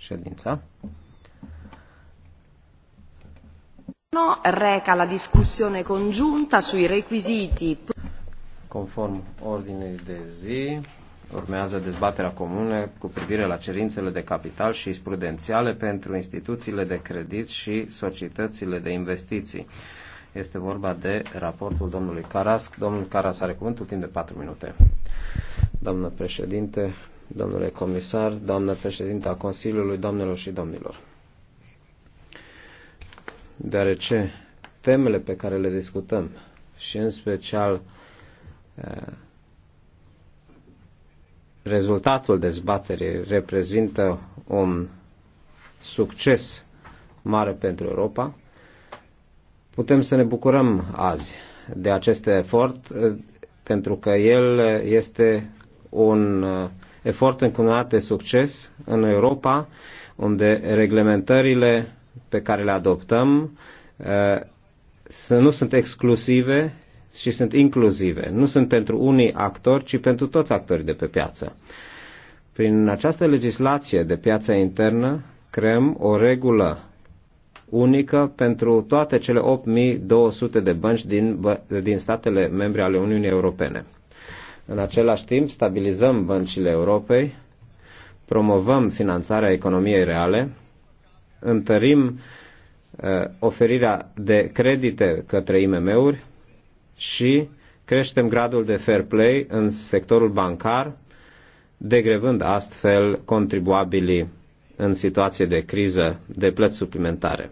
ședința. Reca la discussione congiunta sui requisiti. Conform ordinei de zi, urmează dezbaterea comună cu privire la cerințele de capital și prudențiale pentru instituțiile de credit și societățile de investiții. Este vorba de raportul domnului Caras. Domnul Caras are cuvântul timp de 4 minute. Doamnă președinte, domnule comisar, doamnă președinte a Consiliului, doamnelor și domnilor. Deoarece temele pe care le discutăm și în special eh, rezultatul dezbaterii reprezintă un succes mare pentru Europa, putem să ne bucurăm azi de acest efort eh, pentru că el este un eh, efort încununat de succes în Europa, unde reglementările pe care le adoptăm uh, nu sunt exclusive și sunt inclusive. Nu sunt pentru unii actori, ci pentru toți actorii de pe piață. Prin această legislație de piață internă creăm o regulă unică pentru toate cele 8200 de bănci din, din statele membre ale Uniunii Europene. În același timp, stabilizăm băncile Europei, promovăm finanțarea economiei reale, întărim uh, oferirea de credite către IMM-uri și creștem gradul de fair play în sectorul bancar, degrevând astfel contribuabilii în situație de criză de plăți suplimentare.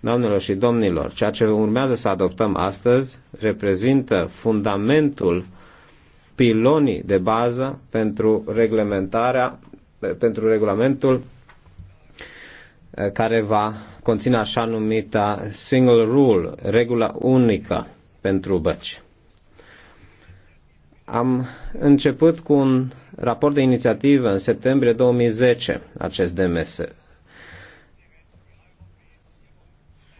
Doamnelor și domnilor, ceea ce urmează să adoptăm astăzi reprezintă fundamentul pilonii de bază pentru reglementarea, pentru regulamentul eh, care va conține așa numita single rule, regula unică pentru băci. Am început cu un raport de inițiativă în septembrie 2010 acest demers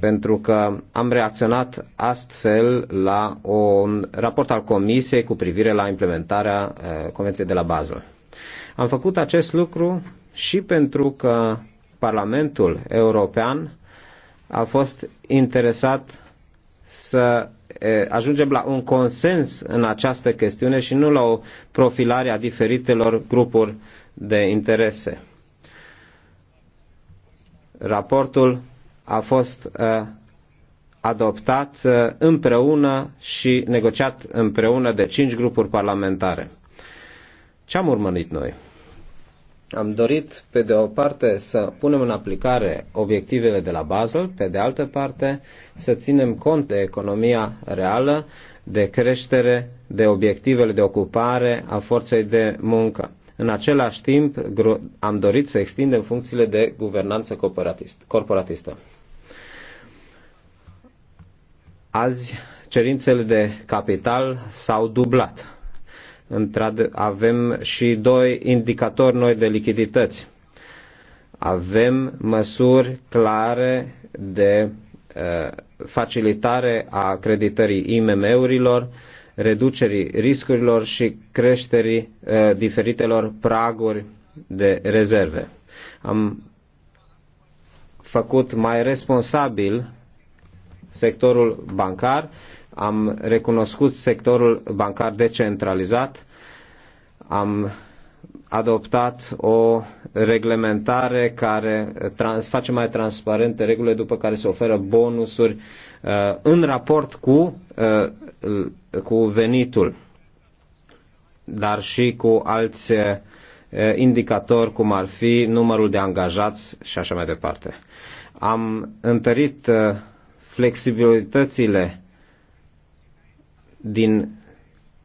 pentru că am reacționat astfel la un raport al Comisiei cu privire la implementarea uh, Convenției de la Basel. Am făcut acest lucru și pentru că Parlamentul European a fost interesat să ajungem la un consens în această chestiune și nu la o profilare a diferitelor grupuri de interese. Raportul a fost uh, adoptat uh, împreună și negociat împreună de cinci grupuri parlamentare. Ce am urmărit noi? Am dorit, pe de o parte, să punem în aplicare obiectivele de la Basel, pe de altă parte, să ținem cont de economia reală, de creștere, de obiectivele de ocupare a forței de muncă. În același timp, am dorit să extindem funcțiile de guvernanță corporatistă. Azi cerințele de capital s-au dublat. Avem și doi indicatori noi de lichidități. Avem măsuri clare de uh, facilitare a creditării IMM-urilor, reducerii riscurilor și creșterii uh, diferitelor praguri de rezerve. Am făcut mai responsabil sectorul bancar, am recunoscut sectorul bancar decentralizat, am adoptat o reglementare care trans, face mai transparente regulile după care se oferă bonusuri uh, în raport cu, uh, cu venitul, dar și cu alți uh, indicatori, cum ar fi numărul de angajați și așa mai departe. Am întărit uh, flexibilitățile din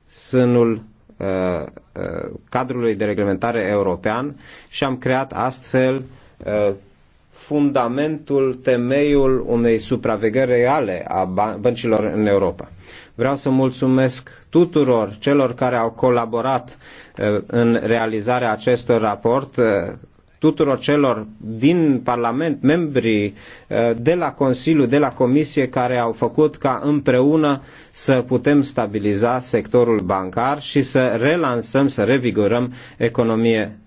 sânul uh, uh, cadrului de reglementare european și am creat astfel uh, fundamentul, temeiul unei supravegheri reale a băncilor în Europa. Vreau să mulțumesc tuturor celor care au colaborat uh, în realizarea acestor raport, uh, tuturor celor din Parlament, membrii eh, de la Consiliu, de la Comisie, care au făcut ca împreună să putem stabiliza sectorul bancar și să relansăm, să revigorăm economie,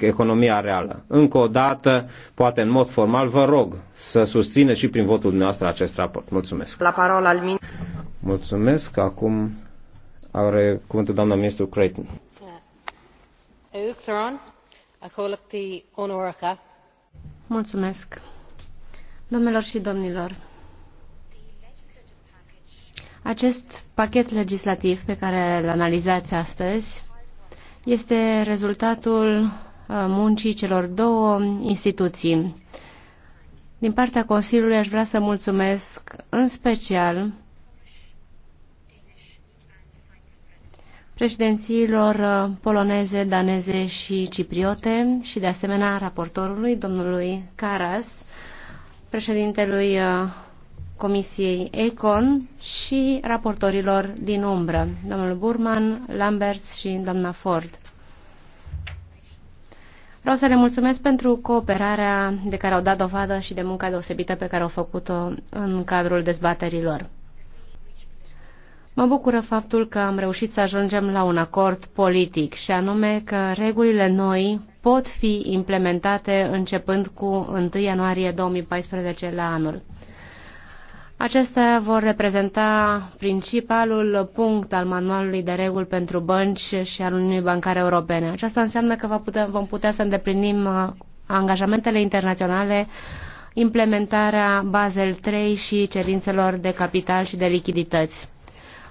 economia reală. Încă o dată, poate în mod formal, vă rog să susțineți și prin votul dumneavoastră acest raport. Mulțumesc. La parola al min. Mulțumesc. Acum are cuvântul doamna ministru Creighton. Yeah. Mulțumesc. Domnilor și acest pachet legislativ pe care îl analizați astăzi este rezultatul uh, muncii celor două instituții. Din partea Consiliului aș vrea să mulțumesc în special președințiilor uh, poloneze, daneze și cipriote și de asemenea raportorului, domnului Caras, președintelui uh, Comisiei Econ și raportorilor din umbră, domnul Burman, Lamberts și doamna Ford. Vreau să le mulțumesc pentru cooperarea de care au dat dovadă și de munca deosebită pe care au făcut-o în cadrul dezbaterilor. Mă bucură faptul că am reușit să ajungem la un acord politic și anume că regulile noi pot fi implementate începând cu 1 ianuarie 2014 la anul. Acestea vor reprezenta principalul punct al manualului de reguli pentru bănci și al Uniunii Bancare Europene. Aceasta înseamnă că vom putea să îndeplinim uh, angajamentele internaționale, implementarea Basel III și cerințelor de capital și de lichidități.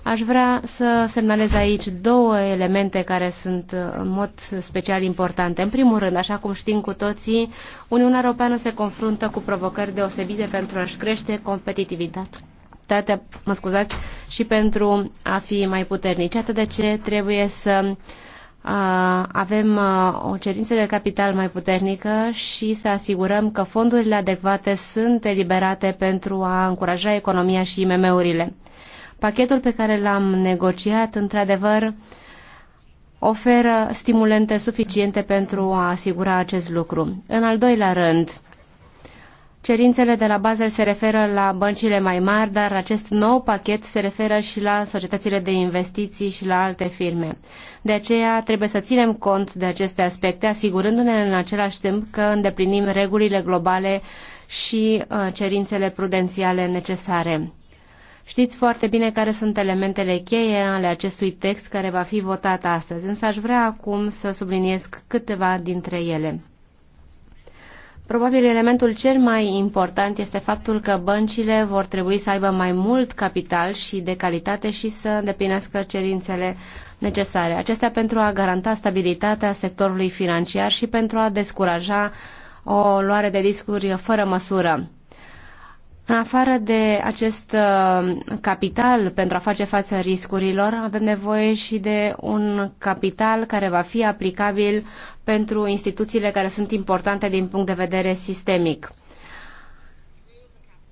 Aș vrea să semnalez aici două elemente care sunt uh, în mod special importante. În primul rând, așa cum știm cu toții, Uniunea Europeană se confruntă cu provocări deosebite pentru a-și crește competitivitatea mă scuzați, și pentru a fi mai puternici. Atât de ce trebuie să uh, avem uh, o cerință de capital mai puternică și să asigurăm că fondurile adecvate sunt eliberate pentru a încuraja economia și IMM-urile. Pachetul pe care l-am negociat, într-adevăr, oferă stimulente suficiente pentru a asigura acest lucru. În al doilea rând, Cerințele de la Basel se referă la băncile mai mari, dar acest nou pachet se referă și la societățile de investiții și la alte firme. De aceea trebuie să ținem cont de aceste aspecte, asigurându-ne în același timp că îndeplinim regulile globale și uh, cerințele prudențiale necesare. Știți foarte bine care sunt elementele cheie ale acestui text care va fi votat astăzi, însă aș vrea acum să subliniez câteva dintre ele. Probabil elementul cel mai important este faptul că băncile vor trebui să aibă mai mult capital și de calitate și să îndeplinească cerințele necesare. Acestea pentru a garanta stabilitatea sectorului financiar și pentru a descuraja o luare de riscuri fără măsură. În afară de acest uh, capital pentru a face față riscurilor, avem nevoie și de un capital care va fi aplicabil pentru instituțiile care sunt importante din punct de vedere sistemic.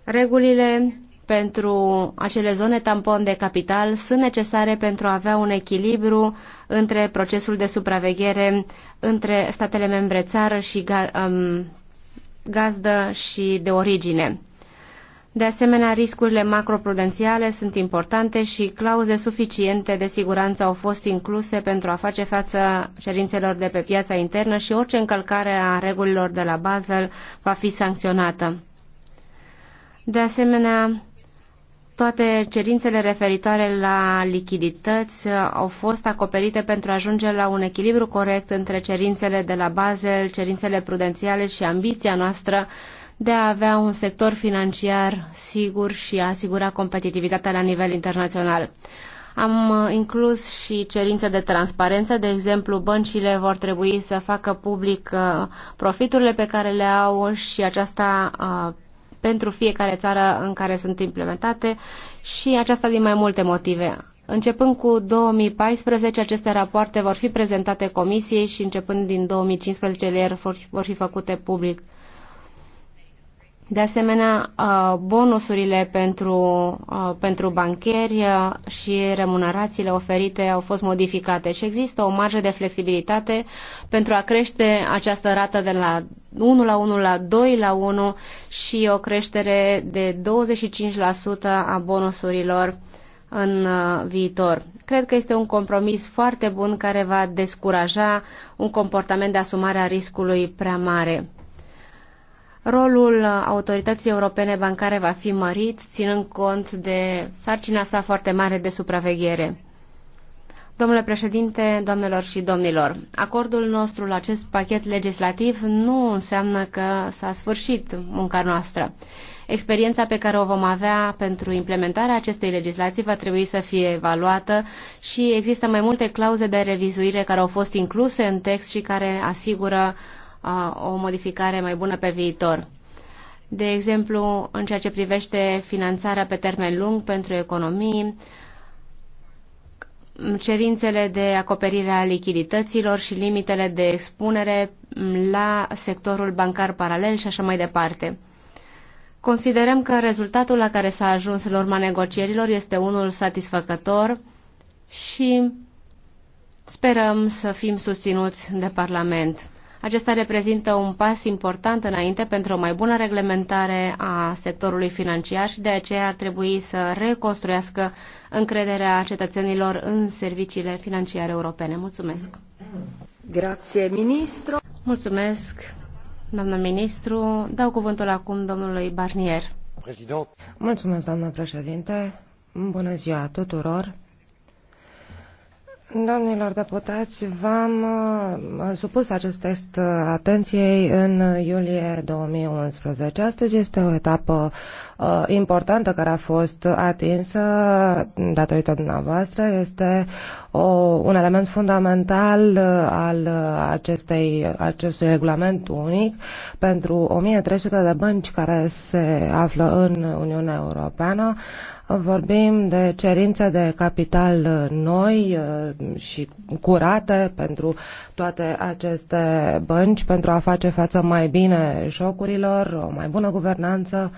Regulile pentru acele zone tampon de capital sunt necesare pentru a avea un echilibru între procesul de supraveghere între statele membre țară și um, gazdă și de origine. De asemenea, riscurile macroprudențiale sunt importante și clauze suficiente de siguranță au fost incluse pentru a face față cerințelor de pe piața internă și orice încălcare a regulilor de la Basel va fi sancționată. De asemenea, toate cerințele referitoare la lichidități au fost acoperite pentru a ajunge la un echilibru corect între cerințele de la Basel, cerințele prudențiale și ambiția noastră de a avea un sector financiar sigur și a asigura competitivitatea la nivel internațional. Am uh, inclus și cerințe de transparență, de exemplu, băncile vor trebui să facă public uh, profiturile pe care le au și aceasta uh, pentru fiecare țară în care sunt implementate și aceasta din mai multe motive. Începând cu 2014, aceste rapoarte vor fi prezentate comisiei și începând din 2015 ele vor fi făcute public. De asemenea, uh, bonusurile pentru, uh, pentru bancheri uh, și remunerațiile oferite au fost modificate și există o marjă de flexibilitate pentru a crește această rată de la 1 la 1 la 2 la 1 și o creștere de 25% a bonusurilor în viitor. Cred că este un compromis foarte bun care va descuraja un comportament de asumare a riscului prea mare. Rolul Autorității Europene Bancare va fi mărit, ținând cont de sarcina sa foarte mare de supraveghere. Domnule președinte, domnilor și domnilor, acordul nostru la acest pachet legislativ nu înseamnă că s-a sfârșit munca noastră. Experiența pe care o vom avea pentru implementarea acestei legislații va trebui să fie evaluată și există mai multe clauze de revizuire care au fost incluse în text și care asigură o modificare mai bună pe viitor. De exemplu, în ceea ce privește finanțarea pe termen lung pentru economii, cerințele de acoperire a lichidităților și limitele de expunere la sectorul bancar paralel și așa mai departe. Considerăm că rezultatul la care s-a ajuns în urma negocierilor este unul satisfăcător și sperăm să fim susținuți de Parlament. Acesta reprezintă un pas important înainte pentru o mai bună reglementare a sectorului financiar și de aceea ar trebui să reconstruiască încrederea cetățenilor în serviciile financiare europene. Mulțumesc! Grație, ministru! Mulțumesc, doamnă ministru. Dau cuvântul acum domnului Barnier. Mulțumesc, doamnă președinte. Bună ziua tuturor! Domnilor deputați, v-am uh, supus acest test atenției în iulie 2011. Astăzi este o etapă uh, importantă care a fost atinsă datorită dumneavoastră. Este o, un element fundamental uh, al uh, acestei, acestui regulament unic pentru 1300 de bănci care se află în Uniunea Europeană. Uh, Vorbim de cerințe de capital uh, noi uh, și curate pentru toate aceste bănci, pentru a face față mai bine șocurilor, o mai bună guvernanță,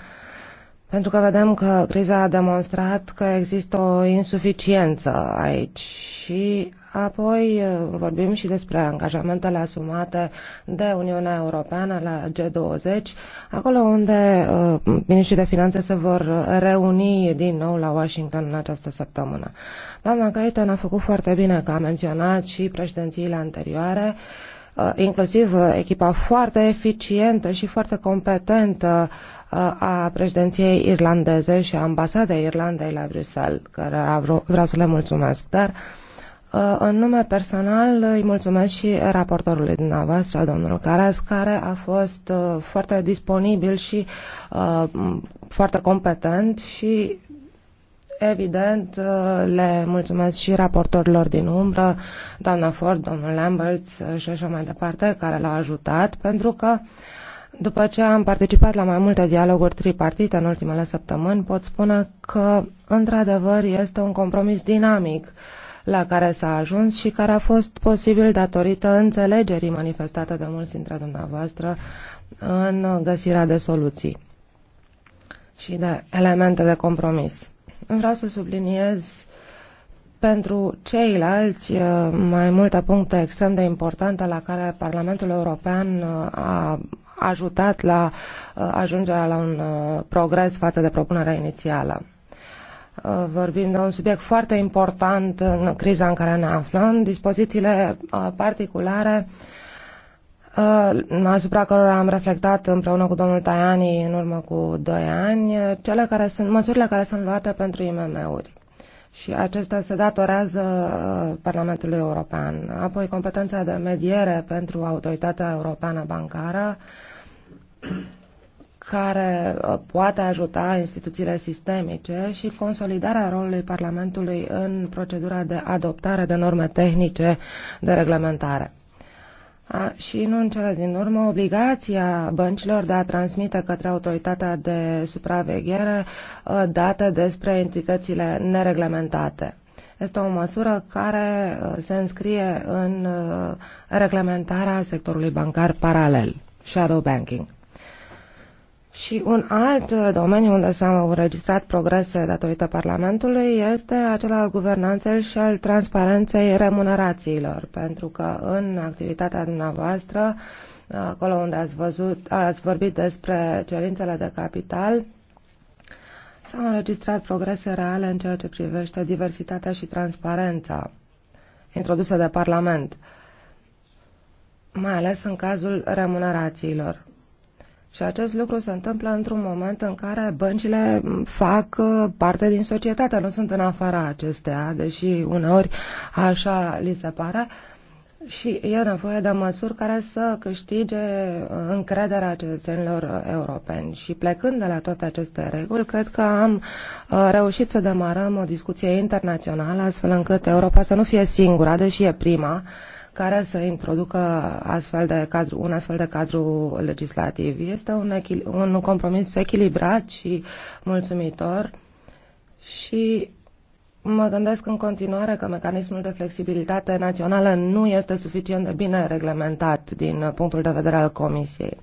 pentru că vedem că criza a demonstrat că există o insuficiență aici și Apoi uh, vorbim și despre angajamentele asumate de Uniunea Europeană la G20, acolo unde uh, de finanțe se vor reuni din nou la Washington în această săptămână. Doamna Creighton a făcut foarte bine că a menționat și președințiile anterioare, uh, inclusiv uh, echipa foarte eficientă și foarte competentă uh, a președinției irlandeze și a ambasadei Irlandei la Bruxelles, care vreau să le mulțumesc. Dar uh, Uh, în nume personal îi mulțumesc și raportorului dumneavoastră, domnul Caras, care a fost uh, foarte disponibil și uh, foarte competent și Evident, le mulțumesc și raportorilor din umbră, doamna Ford, domnul Lambert și așa mai departe, care l-au ajutat, pentru că după ce am participat la mai multe dialoguri tripartite în ultimele săptămâni, pot spune că, într-adevăr, este un compromis dinamic uh, la care s-a ajuns și care a fost posibil datorită înțelegerii manifestate de mulți dintre dumneavoastră în găsirea de soluții și de elemente de compromis. Vreau să subliniez pentru ceilalți uh, mai multe puncte extrem de importante la care Parlamentul European uh, a ajutat la uh, ajungerea la un progres față de propunerea inițială. Uh, vorbim de un subiect foarte important în criza în care ne aflăm, dispozițiile uh, particulare uh, asupra cărora am reflectat împreună cu domnul Tajani în urmă cu 2 ani, cele care sunt, măsurile care sunt luate pentru IMM-uri. Și acestea se datorează Parlamentului European. Apoi competența de mediere pentru Autoritatea Europeană Bancară care uh, poate ajuta instituțiile sistemice și consolidarea rolului Parlamentului în procedura de adoptare de norme tehnice de reglementare. A, și nu în cele din urmă, obligația băncilor de a transmite către autoritatea de supraveghere uh, date despre entitățile nereglementate. Este o măsură care uh, se înscrie în reglementarea sectorului bancar paralel, shadow banking. Și un alt uh, domeniu unde s-au înregistrat progrese datorită Parlamentului este acela al guvernanței și al transparenței remunerațiilor, pentru că în activitatea dumneavoastră, uh, acolo unde ați, văzut, ați vorbit despre cerințele de capital, s-au înregistrat progrese reale în ceea ce privește diversitatea și transparența introduse de Parlament, mai ales în cazul remunerațiilor. Și acest lucru se întâmplă într-un moment în care băncile fac uh, parte din societate, nu sunt în afara acesteia, deși uneori așa li se pare. Și e nevoie de măsuri care să câștige uh, încrederea cetățenilor europeni. Și plecând de la toate aceste reguli, cred că am uh, reușit să demarăm o discuție internațională, astfel încât Europa să nu fie singura, deși e prima, care să introducă astfel de cadru, un astfel de cadru legislativ. Este un, un compromis echilibrat și mulțumitor și Mă gândesc în continuare că mecanismul de flexibilitate națională nu este suficient de bine reglementat din punctul de vedere al Comisiei.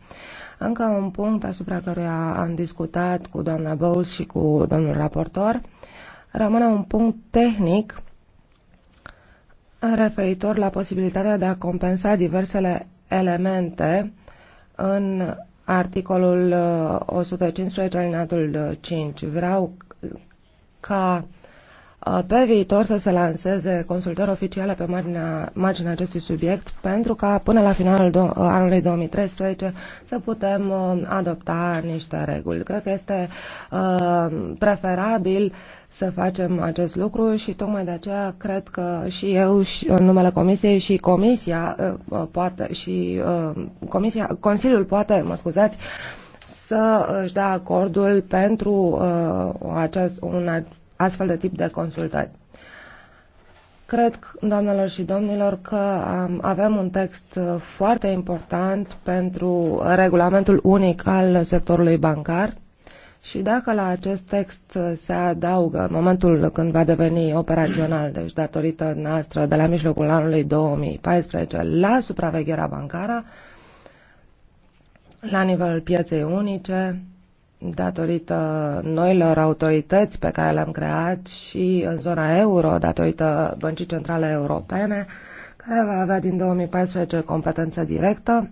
Încă un punct asupra căruia am discutat cu doamna Bowles și cu domnul raportor rămâne un punct tehnic referitor la posibilitatea de a compensa diversele elemente în articolul 115 alineatul 5. Vreau ca pe viitor să se lanseze consultări oficiale pe marginea, marginea acestui subiect pentru ca până la finalul do- anului 2013 să putem adopta niște reguli. Cred că este uh, preferabil să facem acest lucru și tocmai de aceea cred că și eu și, în numele Comisiei și Comisia uh, poate și uh, Comisia, Consiliul poate, mă scuzați, să își dea acordul pentru uh, acest, un, astfel de tip de consultări. Cred, doamnelor și domnilor, că avem un text uh, foarte important pentru regulamentul unic al sectorului bancar și dacă la acest text uh, se adaugă în momentul când va deveni operațional, deci datorită noastră de la mijlocul anului 2014 la supravegherea bancară, la nivelul pieței unice, datorită noilor autorități pe care le-am creat și în zona euro, datorită Băncii Centrale Europene, care va avea din 2014 competență directă.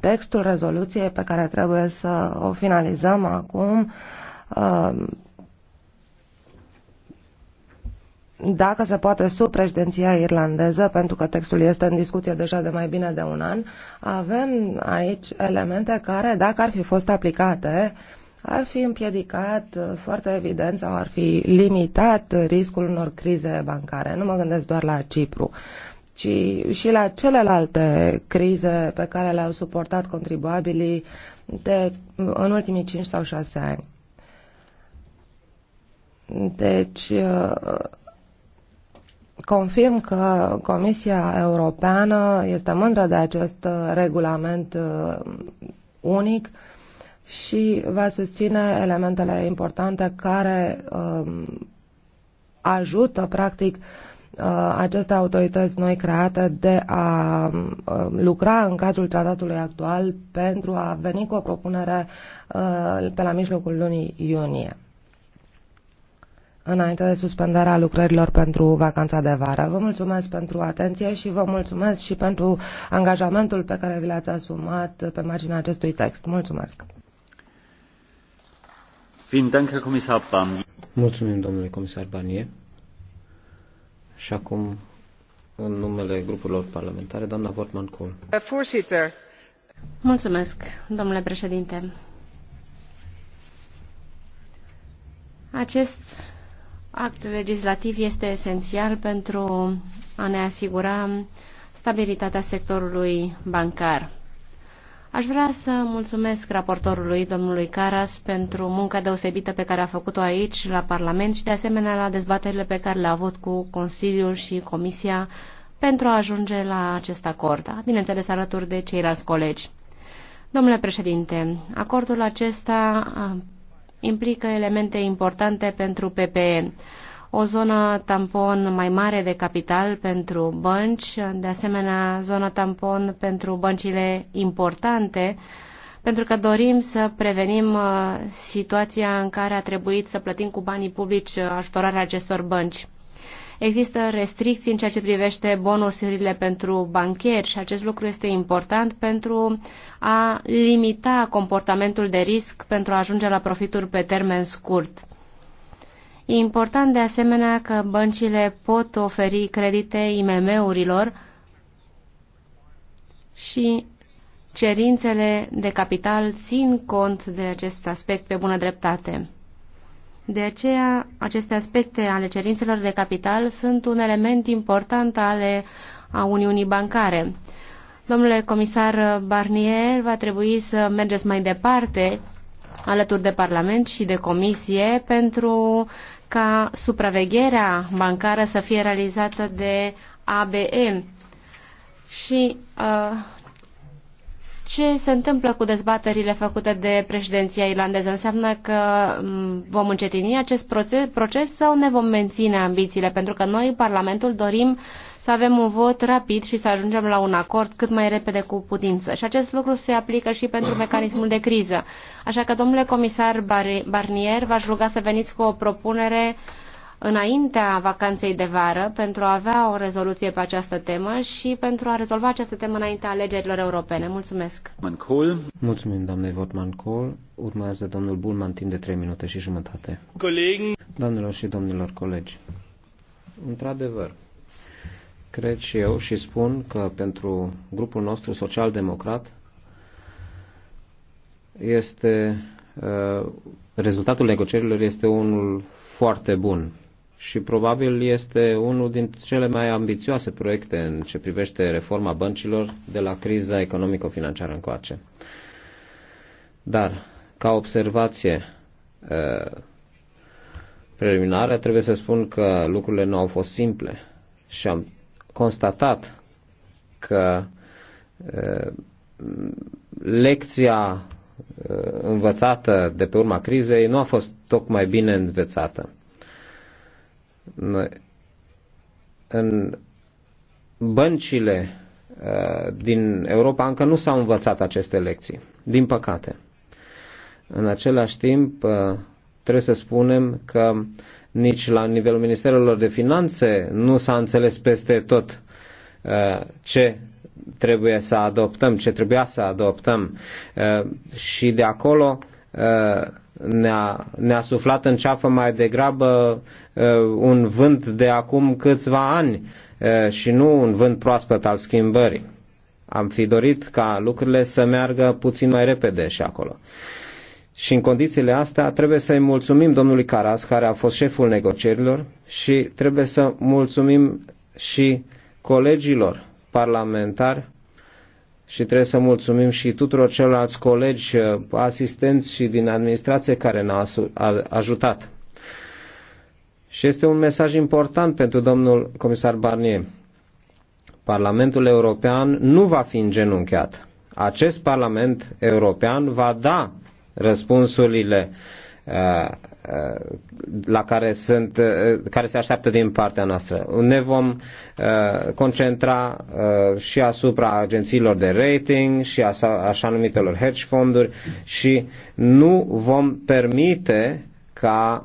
Textul rezoluției pe care trebuie să o finalizăm acum uh, dacă se poate sub președinția irlandeză, pentru că textul este în discuție deja de mai bine de un an, avem aici elemente care, dacă ar fi fost aplicate, ar fi împiedicat uh, foarte evident sau ar fi limitat riscul unor crize bancare. Nu mă gândesc doar la Cipru, ci și la celelalte crize pe care le-au suportat contribuabilii de, uh, în ultimii 5 sau 6 ani. Deci, uh, confirm că Comisia Europeană este mândră de acest uh, regulament uh, unic și va susține elementele importante care um, ajută, practic, uh, aceste autorități noi create de a um, lucra în cadrul tratatului actual pentru a veni cu o propunere pe la mijlocul lunii iunie înainte de suspendarea lucrărilor pentru vacanța de vară. Vă mulțumesc pentru atenție și vă mulțumesc și pentru angajamentul pe care vi l-ați asumat pe marginea acestui text. Mulțumesc! Mulțumim, domnule comisar Banie. Și acum, în numele grupurilor parlamentare, doamna Wortman Kohl. Mulțumesc, domnule președinte. Acest act legislativ este esențial pentru a ne asigura stabilitatea sectorului bancar. Aș vrea să mulțumesc raportorului, domnului Caras, pentru munca deosebită pe care a făcut-o aici, la Parlament și, de asemenea, la dezbaterile pe care le-a avut cu Consiliul și Comisia pentru a ajunge la acest acord, bineînțeles alături de ceilalți colegi. Domnule președinte, acordul acesta implică elemente importante pentru PPE. O zonă tampon mai mare de capital pentru bănci, de asemenea zonă tampon pentru băncile importante, pentru că dorim să prevenim uh, situația în care a trebuit să plătim cu banii publici uh, ajutorarea acestor bănci. Există restricții în ceea ce privește bonusurile pentru bancheri și acest lucru este important pentru a limita comportamentul de risc pentru a ajunge la profituri pe termen scurt. E important de asemenea că băncile pot oferi credite IMM-urilor și cerințele de capital țin cont de acest aspect pe bună dreptate. De aceea, aceste aspecte ale cerințelor de capital sunt un element important ale a Uniunii Bancare. Domnule comisar Barnier, va trebui să mergeți mai departe alături de Parlament și de Comisie pentru ca supravegherea bancară să fie realizată de ABM. Și uh, ce se întâmplă cu dezbaterile făcute de președinția irlandeză? Înseamnă că mm, vom încetini acest proces sau ne vom menține ambițiile? Pentru că noi, Parlamentul, dorim să avem un vot rapid și să ajungem la un acord cât mai repede cu putință. Și acest lucru se aplică și pentru mecanismul de criză. Așa că, domnule comisar Barnier, v-aș ruga să veniți cu o propunere uh, înaintea vacanței de vară pentru a avea o rezoluție pe această temă și pentru a rezolva această temă înaintea alegerilor europene. Mulțumesc! Mulțumim, doamne Votman Cole. Urmează domnul Bulman timp de 3 minute și jumătate. Coleg. Doamnelor și domnilor colegi, într-adevăr, cred și eu și spun că pentru grupul nostru social-democrat este uh, rezultatul negocierilor este unul foarte bun și probabil este unul din cele mai ambițioase proiecte în ce privește reforma băncilor de la criza economico-financiară încoace. Dar, ca observație preliminară, trebuie să spun că lucrurile nu au fost simple și am constatat că lecția învățată de pe urma crizei nu a fost tocmai bine învățată în băncile uh, din Europa încă nu s-au învățat aceste lecții, din păcate. În același timp, uh, trebuie să spunem că nici la nivelul Ministerelor de Finanțe nu s-a înțeles peste tot uh, ce trebuie să adoptăm, ce trebuia să adoptăm. Și de acolo ne-a, ne-a suflat în ceafă mai degrabă uh, un vânt de acum câțiva ani uh, și nu un vânt proaspăt al schimbării. Am fi dorit ca lucrurile să meargă puțin mai repede și acolo. Și în condițiile astea trebuie să-i mulțumim domnului Caras, care a fost șeful negocierilor, și trebuie să mulțumim și colegilor parlamentari și trebuie să mulțumim și tuturor celorlalți colegi, uh, asistenți și din administrație care ne-au ajutat. Și este un mesaj important pentru domnul comisar Barnier. Parlamentul European nu va fi îngenunchiat. Acest Parlament European va da răspunsurile uh, Uh, la care, sunt, uh, care se așteaptă din partea noastră. Ne vom uh, concentra și asupra agențiilor de rating și așa numitelor hedge fonduri și nu vom permite ca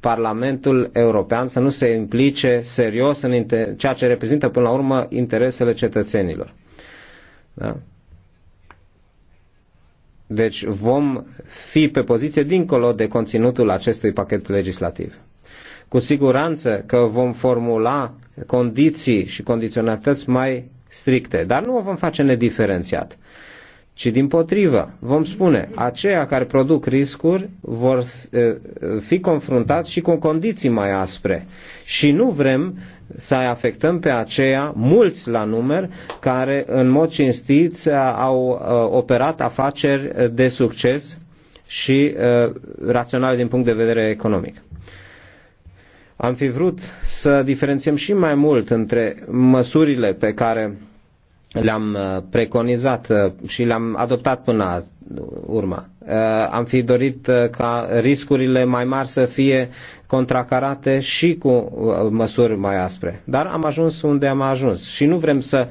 Parlamentul European să nu se implice serios în ceea ce reprezintă până la urmă interesele cetățenilor. Da? Deci vom fi pe poziție dincolo de conținutul acestui pachet legislativ. Cu siguranță că vom formula condiții și condiționalități mai stricte, dar nu o vom face nediferențiat ci din potrivă, vom spune, aceia care produc riscuri vor eh, fi confruntați și cu condiții mai aspre. Și nu vrem să afectăm pe aceia, mulți la număr, care în mod cinstit eh, au eh, operat afaceri de succes și raționale din punct de vedere economic. Am fi vrut să diferențiem și mai mult între măsurile pe care le-am uh, preconizat uh, și le-am adoptat până urmă. Uh, am fi dorit ca riscurile mai mari să fie contracarate și cu măsuri mai aspre. Dar am ajuns unde am ajuns și nu vrem să,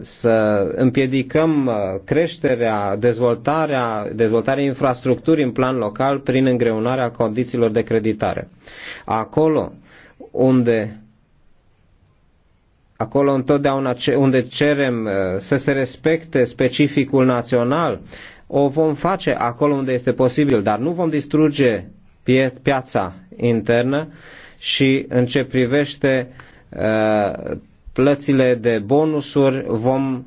să împiedicăm creșterea, dezvoltarea, dezvoltarea infrastructurii în plan local prin îngreunarea condițiilor de creditare. Acolo unde acolo întotdeauna unde cerem uh, să se respecte specificul național, o vom face acolo unde este posibil, dar nu vom distruge piața internă și în ce privește uh, plățile de bonusuri vom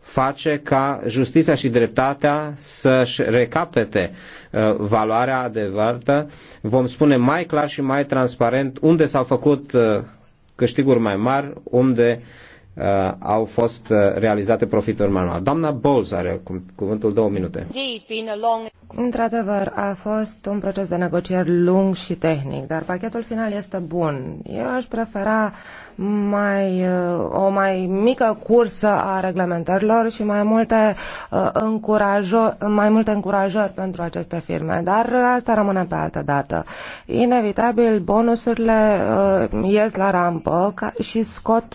face ca justiția și dreptatea să-și recapete uh, valoarea adevărată. Vom spune mai clar și mai transparent unde s-au făcut câștiguri mai mari, unde Uh, au fost uh, realizate profituri manuale. Doamna Bowles are cuvântul două minute. Într-adevăr, a fost un proces de negocieri lung și tehnic, dar pachetul final este bun. Eu aș prefera mai, uh, o mai mică cursă a reglementărilor și mai multe, încurajo, mai multe încurajări pentru aceste firme, dar asta rămâne pe altă dată. Inevitabil, bonusurile ies la rampă și scot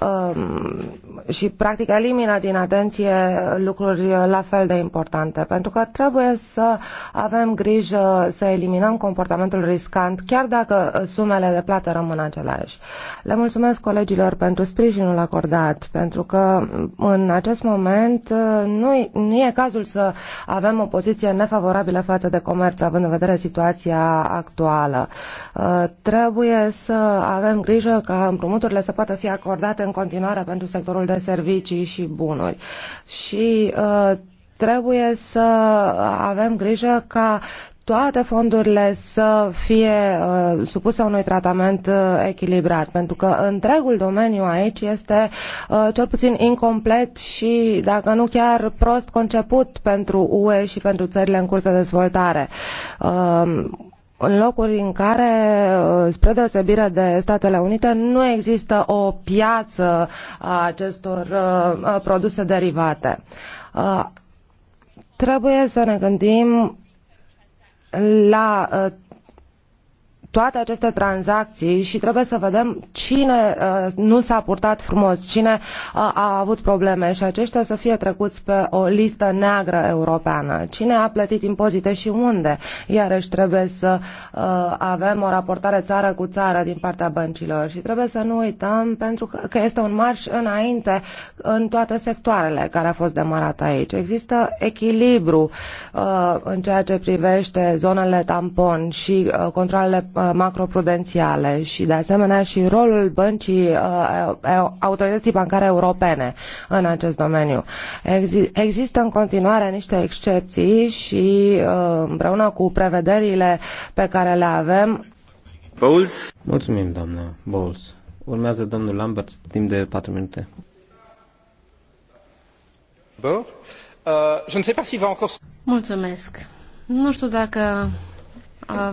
Um, și practic elimină din atenție lucruri la fel de importante, pentru că trebuie să avem grijă să eliminăm comportamentul riscant, chiar dacă sumele de plată rămân aceleași. Le mulțumesc colegilor pentru sprijinul acordat, pentru că în acest moment nu e, nu e cazul să avem o poziție nefavorabilă față de comerț, având în vedere situația actuală. Uh, trebuie să avem grijă ca împrumuturile să poată fi acordate în continuare pentru sectorul de servicii și bunuri. Și uh, trebuie să avem grijă ca toate fondurile să fie uh, supuse unui tratament uh, echilibrat, pentru că întregul domeniu aici este uh, cel puțin incomplet și, dacă nu chiar prost conceput pentru UE și pentru țările în curs de dezvoltare. Uh, locuri în care, uh, spre deosebire de Statele Unite, nu există o piață a acestor uh, uh, produse derivate. Trebuie să ne gândim la toate aceste tranzacții și trebuie să vedem cine uh, nu s-a purtat frumos, cine uh, a avut probleme și aceștia să fie trecuți pe o listă neagră europeană, cine a plătit impozite și unde. Iarăși trebuie să uh, avem o raportare țară cu țară din partea băncilor și trebuie să nu uităm pentru că, că este un marș înainte în toate sectoarele care a fost demarat aici. Există echilibru uh, în ceea ce privește zonele tampon și uh, controlele Uh, macroprudențiale și de asemenea și rolul băncii uh, autorității bancare europene în acest domeniu. Există în continuare niște excepții și uh, împreună cu prevederile pe care le avem Bowles. Mulțumim, doamnă Bowles. Urmează domnul Lambert timp de 4 minute. Bo? Uh, je ne sais pas si va encore... Mulțumesc. Nu știu dacă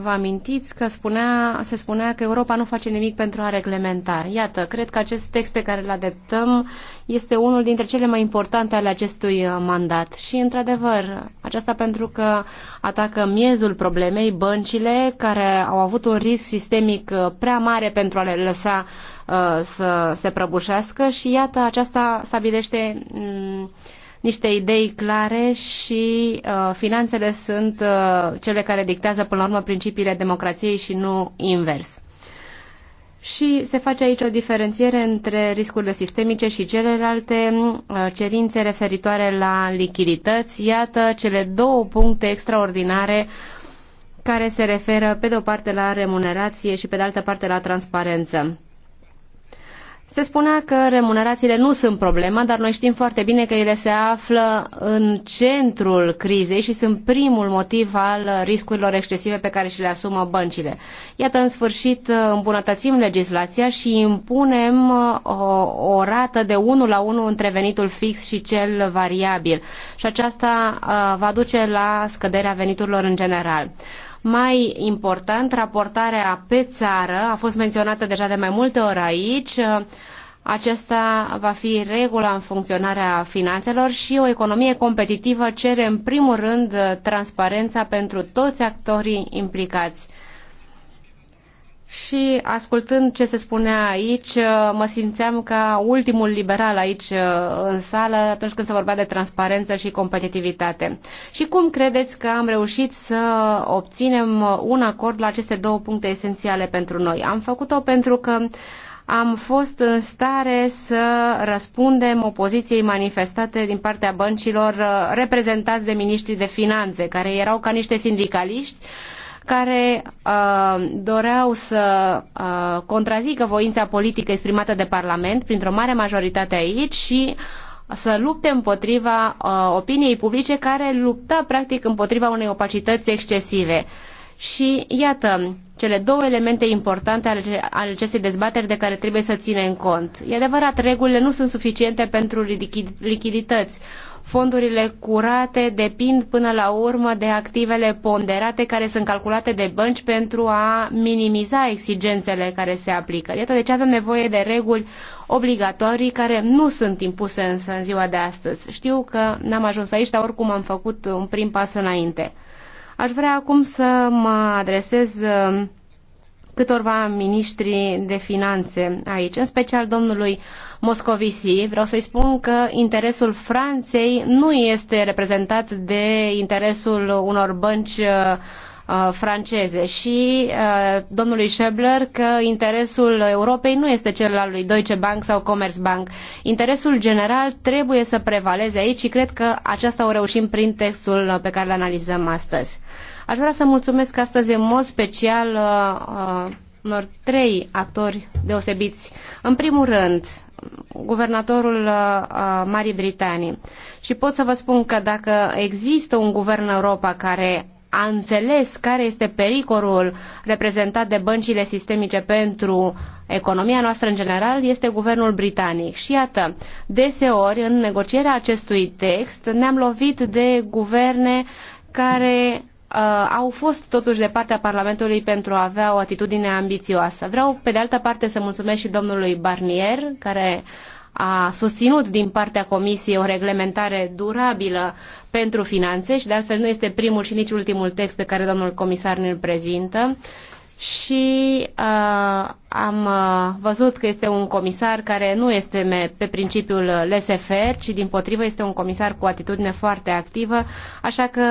vă amintiți că spunea, se spunea că Europa nu face nimic pentru a reglementa. Iată, cred că acest text pe care îl adeptăm este unul dintre cele mai importante ale acestui uh, mandat. Și, într-adevăr, aceasta pentru că atacă miezul problemei, băncile care au avut un risc sistemic uh, prea mare pentru a le lăsa uh, să se prăbușească și, iată, aceasta stabilește um, niște idei clare și uh, finanțele sunt uh, cele care dictează până la urmă principiile democrației și nu invers. Și se face aici o diferențiere între riscurile sistemice și celelalte uh, cerințe referitoare la lichidități. Iată cele două puncte extraordinare care se referă pe de o parte la remunerație și pe de altă parte la transparență. Se spunea că remunerațiile nu sunt problema, dar noi știm foarte bine că ele se află în centrul crizei și sunt primul motiv al riscurilor excesive pe care și le asumă băncile. Iată, în sfârșit, îmbunătățim legislația și impunem uh, o, o rată de 1 la 1 între venitul fix și cel variabil. Și aceasta uh, va duce la scăderea veniturilor în general. Mai important, raportarea pe țară a fost menționată deja de mai multe ori aici. Acesta va fi regula în funcționarea finanțelor și o economie competitivă cere în primul rând transparența pentru toți actorii implicați. Și ascultând ce se spunea aici, mă simțeam ca ultimul liberal aici în sală atunci când se vorbea de transparență și competitivitate. Și cum credeți că am reușit să obținem un acord la aceste două puncte esențiale pentru noi? Am făcut-o pentru că uh, am fost în stare să răspundem opoziției manifestate din partea băncilor uh, reprezentați de miniștrii de finanțe, care erau ca niște sindicaliști care uh, doreau să uh, contrazică voința politică exprimată de Parlament printr-o mare majoritate aici și să lupte împotriva uh, opiniei publice care lupta practic împotriva unei opacități excesive. Și iată, cele două elemente importante ale, ale acestei dezbateri de care trebuie să ținem cont. E adevărat, regulile nu sunt suficiente pentru lichidități. Fondurile curate depind până la urmă de activele ponderate care sunt calculate de bănci pentru a minimiza exigențele care se aplică. Iată de ce avem nevoie de reguli obligatorii care nu sunt impuse însă în ziua de astăzi. Știu că n-am ajuns aici, dar oricum am făcut un prim pas înainte. Aș vrea acum să mă adresez uh, câtorva miniștri de finanțe aici, în special domnului Moscovici. Vreau să-i spun că interesul Franței nu este reprezentat de interesul unor bănci uh, Uh, franceze și uh, domnului Schäbler că interesul Europei nu este cel al lui Deutsche Bank sau Commerzbank. Interesul general trebuie să prevaleze aici și cred că aceasta o reușim prin textul uh, pe care îl analizăm astăzi. Aș vrea să mulțumesc astăzi în mod special uh, unor trei actori deosebiți. În primul rând, guvernatorul uh, Marii Britanii. Și pot să vă spun că dacă există un guvern în Europa care a înțeles care este pericolul reprezentat de băncile sistemice pentru economia noastră în general este guvernul britanic. Și iată, deseori în negocierea acestui text ne-am lovit de guverne care uh, au fost totuși de partea Parlamentului pentru a avea o atitudine ambițioasă. Vreau, pe de altă parte, să mulțumesc și domnului Barnier, care a susținut din partea Comisiei o reglementare durabilă pentru finanțe și de altfel nu este primul și nici ultimul text pe care domnul comisar ne-l prezintă și uh, am uh, văzut că este un comisar care nu este pe principiul LSFR, ci din potrivă este un comisar cu o atitudine foarte activă, așa că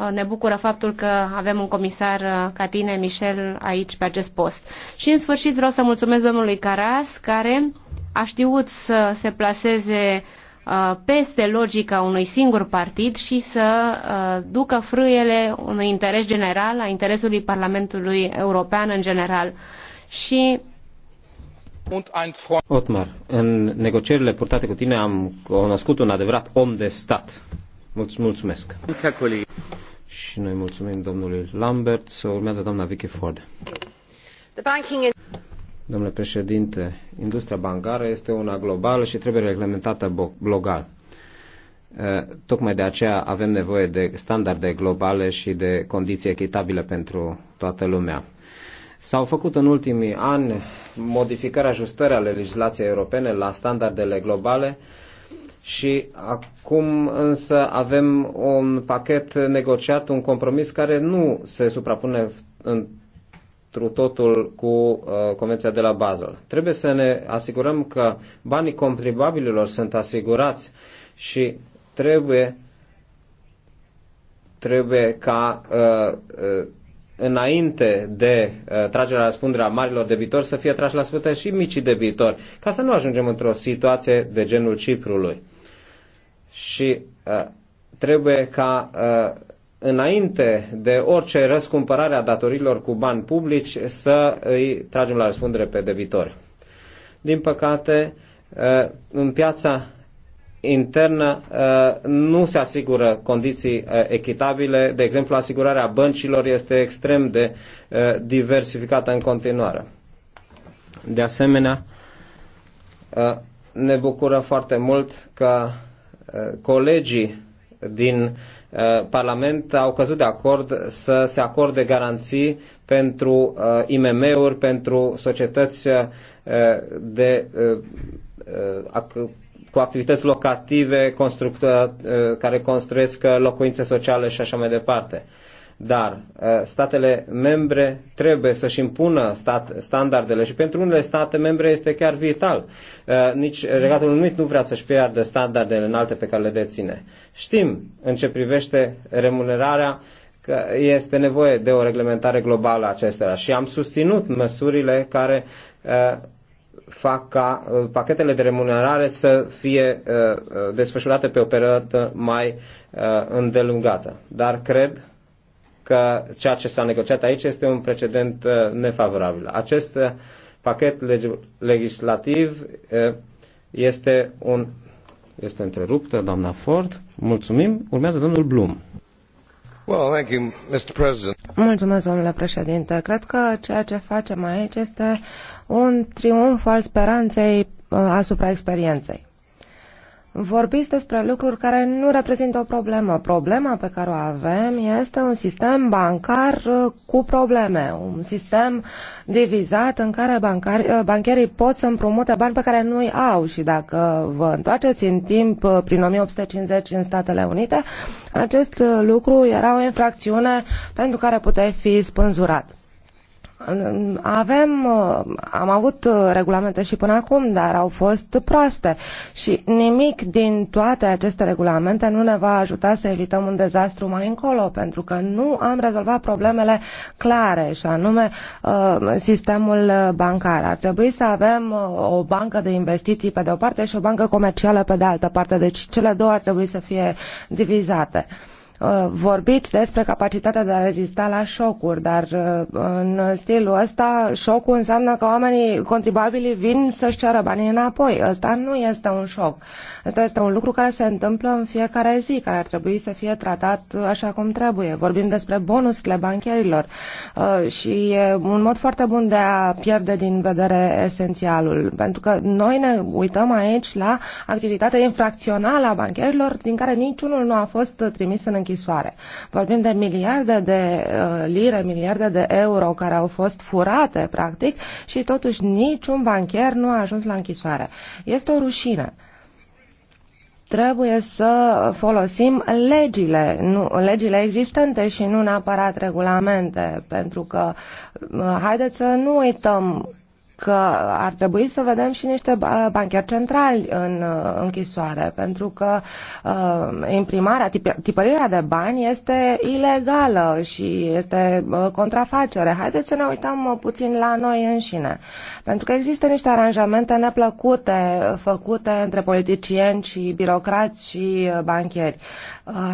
uh, ne bucură faptul că avem un comisar uh, ca tine, Michel, aici pe acest post. Și în sfârșit vreau să mulțumesc domnului Caras, care a știut să se placeze uh, peste logica unui singur partid și să uh, ducă frâiele unui interes general, a interesului Parlamentului European în general. Și Otmar, în negocierile purtate cu tine am cunoscut un adevărat om de stat. Mulțumesc. mulțumesc. Și noi mulțumim domnului Lambert. Urmează doamna Vicky Ford. Domnule președinte, industria bancară este una globală și trebuie reglementată global. Uh, tocmai de aceea avem nevoie de standarde globale și de condiții echitabile pentru toată lumea. S-au făcut în ultimii ani modificări, ajustări ale legislației europene la standardele globale și acum însă avem un pachet negociat, un compromis care nu se suprapune în totul cu uh, Convenția de la Basel. Trebuie să ne asigurăm că banii contribuabililor sunt asigurați și trebuie, trebuie ca uh, uh, înainte de uh, tragerea la răspunderea marilor debitori să fie trași la sfârșit și micii debitori, ca să nu ajungem într-o situație de genul Ciprului. Și uh, trebuie ca uh, înainte de orice răscumpărare a datorilor cu bani publici, să îi tragem la răspundere pe debitori. Din păcate, uh, în piața internă uh, nu se asigură condiții uh, echitabile. De exemplu, asigurarea băncilor este extrem de diversificată în continuare. De asemenea, ne bucură foarte mult că colegii din Eh, Parlament au căzut de acord să se acorde garanții pentru eh, IMM-uri, pentru societăți eh, de, cu activități locative care construiesc locuințe sociale și așa mai departe. Dar uh, statele membre trebuie să-și impună stat, standardele și pentru unele state membre este chiar vital. Uh, nici Regatul Unit nu vrea să-și piardă standardele înalte pe care le deține. Știm în ce privește remunerarea că este nevoie de o reglementare globală acestea acestora și am susținut măsurile care uh, fac ca pachetele de remunerare să fie desfășurate pe o perioadă mai îndelungată. Dar cred că ceea ce s-a negociat aici este un precedent uh, nefavorabil. Acest uh, pachet leg- legislativ uh, este un. Este întreruptă doamna Ford. Mulțumim. Urmează domnul Blum. Well, thank you, Mr. President. Mulțumesc, domnule președinte. Cred că ceea ce facem aici este un triumf al speranței asupra experienței. Vorbiți despre lucruri care nu reprezintă o problemă. Problema pe care o avem este un sistem bancar uh, cu probleme, un sistem divizat în care uh, bancherii pot să împrumute bani pe care nu îi au și dacă vă întoarceți în timp uh, prin 1850 în Statele Unite, acest lucru era o infracțiune pentru care puteai fi spânzurat. Avem, uh, am avut uh, regulamente și până acum, dar au fost proaste și nimic din toate aceste regulamente nu ne va ajuta să evităm un dezastru mai încolo, pentru că nu am rezolvat problemele clare și anume uh, sistemul bancar. Ar trebui să avem o bancă de investiții pe de o parte și o bancă comercială pe de altă parte, deci cele două ar trebui să fie divizate. Uh, vorbiți despre capacitatea de a rezista la șocuri, dar uh, în stilul ăsta șocul înseamnă că oamenii contribuabili vin să-și ceară banii înapoi. Ăsta nu este un șoc. Asta este un lucru care se întâmplă în fiecare zi, care ar trebui să fie tratat uh, așa cum trebuie. Vorbim despre bonusurile bancherilor uh, și e un mod foarte bun de a pierde din vedere esențialul, pentru că noi ne uităm aici la activitatea infracțională a bancherilor, din care niciunul nu a fost trimis în închisoare. Vorbim de miliarde de uh, lire, miliarde de euro care au fost furate, practic, și totuși niciun bancher nu a ajuns la închisoare. Este o rușine trebuie să folosim legile, nu, legile existente și nu neapărat regulamente, pentru că uh, haideți să nu uităm că ar trebui să vedem și niște bancheri centrali în uh, închisoare, pentru că uh, imprimarea, tipărirea de bani este ilegală și este uh, contrafacere. Haideți să ne uităm puțin la noi înșine, pentru că există niște aranjamente neplăcute făcute între politicieni și birocrați și bancheri.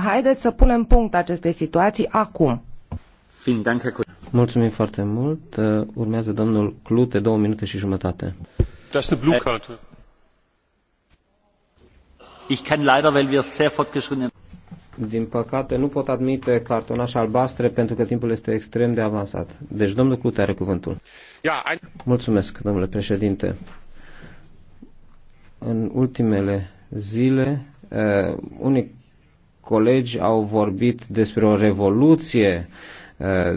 Haideți să punem punct acestei situații acum. Vielen Dank, Herr Mulțumim foarte mult. Uh, urmează domnul Clute, două minute și jumătate. Ich kann leider, weil wir sehr fortgeschritten din păcate, nu pot admite cartonașe albastre pentru că timpul este extrem de avansat. Deci, domnul Clute are cuvântul. Mulțumesc, domnule președinte. În ultimele zile, uh, unii colegi au vorbit despre o revoluție uh,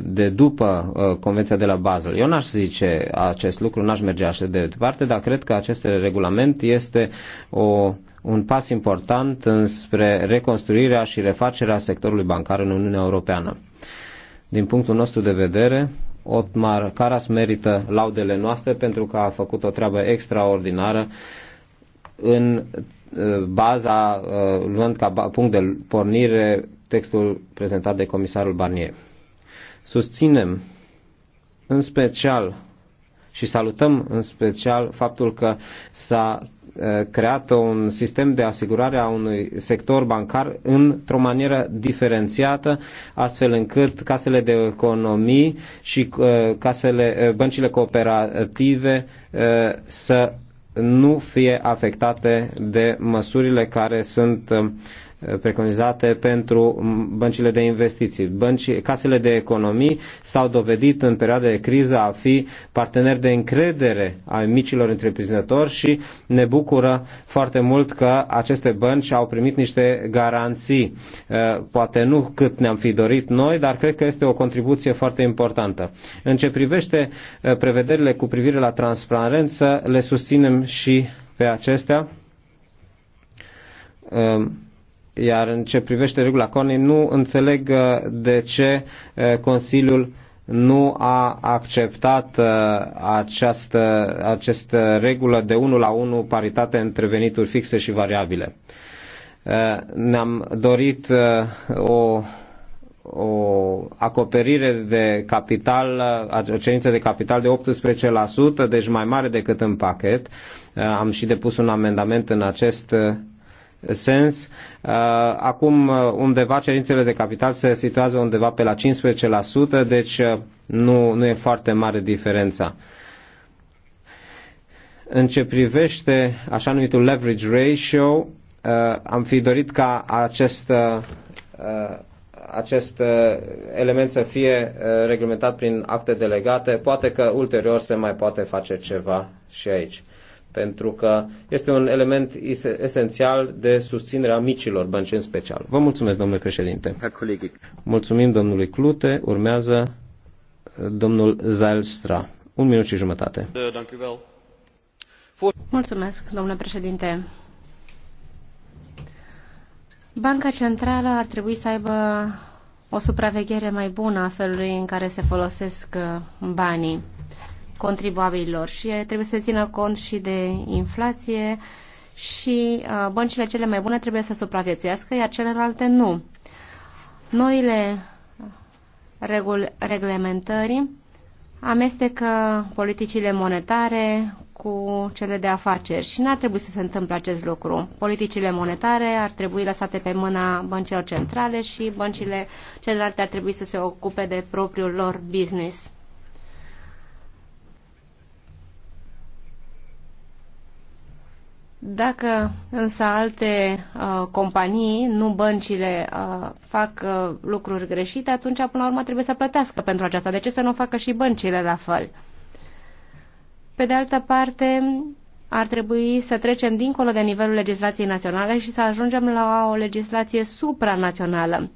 de după uh, Convenția de la Basel. Eu n-aș zice acest lucru, n-aș merge așa de departe, dar cred că acest regulament este o, un pas important înspre reconstruirea și refacerea sectorului bancar în Uniunea Europeană. Din punctul nostru de vedere, Otmar Caras merită laudele noastre pentru că a făcut o treabă extraordinară în uh, baza, uh, luând ca punct de pornire textul prezentat de comisarul Barnier. Susținem în special și salutăm în special faptul că s-a creat un sistem de asigurare a unui sector bancar într-o manieră diferențiată, astfel încât casele de economii și casele, băncile cooperative să nu fie afectate de măsurile care sunt preconizate pentru băncile de investiții. Bănci, casele de economii s-au dovedit în perioada de criză a fi parteneri de încredere ai micilor întreprinzători și ne bucură foarte mult că aceste bănci au primit niște garanții. Uh, poate nu cât ne-am fi dorit noi, dar cred că este o contribuție foarte importantă. În ce privește uh, prevederile cu privire la transparență, le susținem și pe acestea. Uh, iar în ce privește regula Cornei, nu înțeleg uh, de ce uh, Consiliul nu a acceptat uh, această, această regulă de 1 la 1 paritate între venituri fixe și variabile. Ne-am dorit o, o acoperire de capital, o cerință de capital de 18%, deci mai mare decât în pachet. Am și depus un amendament în acest sens. Uh, acum uh, undeva cerințele de capital se situează undeva pe la 15%, deci uh, nu, nu e foarte mare diferența. În ce privește așa numitul leverage ratio, am fi dorit ca acest, acest element să fie reglementat prin acte delegate. Poate că ulterior se mai poate face ceva și aici pentru că este un element esențial de susținere a micilor bănci în special. Vă mulțumesc, domnule președinte. Mulțumim domnului Clute. Urmează uh, domnul Zalstra. Un minut și jumătate. Eh, mulțumesc, domnule președinte. Banca Centrală ar trebui să aibă o supraveghere mai bună a felului în care se folosesc uh, banii contribuabililor și trebuie să țină cont și de inflație și uh, băncile cele mai bune trebuie să supraviețuiască, iar celelalte nu. Noile regul, reglementări amestecă politicile monetare cu cele de afaceri și n-ar trebui să se întâmple acest lucru. Politicile monetare ar trebui lăsate pe mâna băncilor centrale și băncile celelalte ar trebui să se ocupe de propriul lor business. Dacă însă alte uh, companii, nu băncile, uh, fac uh, lucruri greșite, atunci până la urmă trebuie să plătească pentru aceasta. De ce să nu facă și băncile la fel? Pe de altă parte, ar trebui să trecem dincolo de nivelul legislației naționale și să ajungem la o legislație supranațională.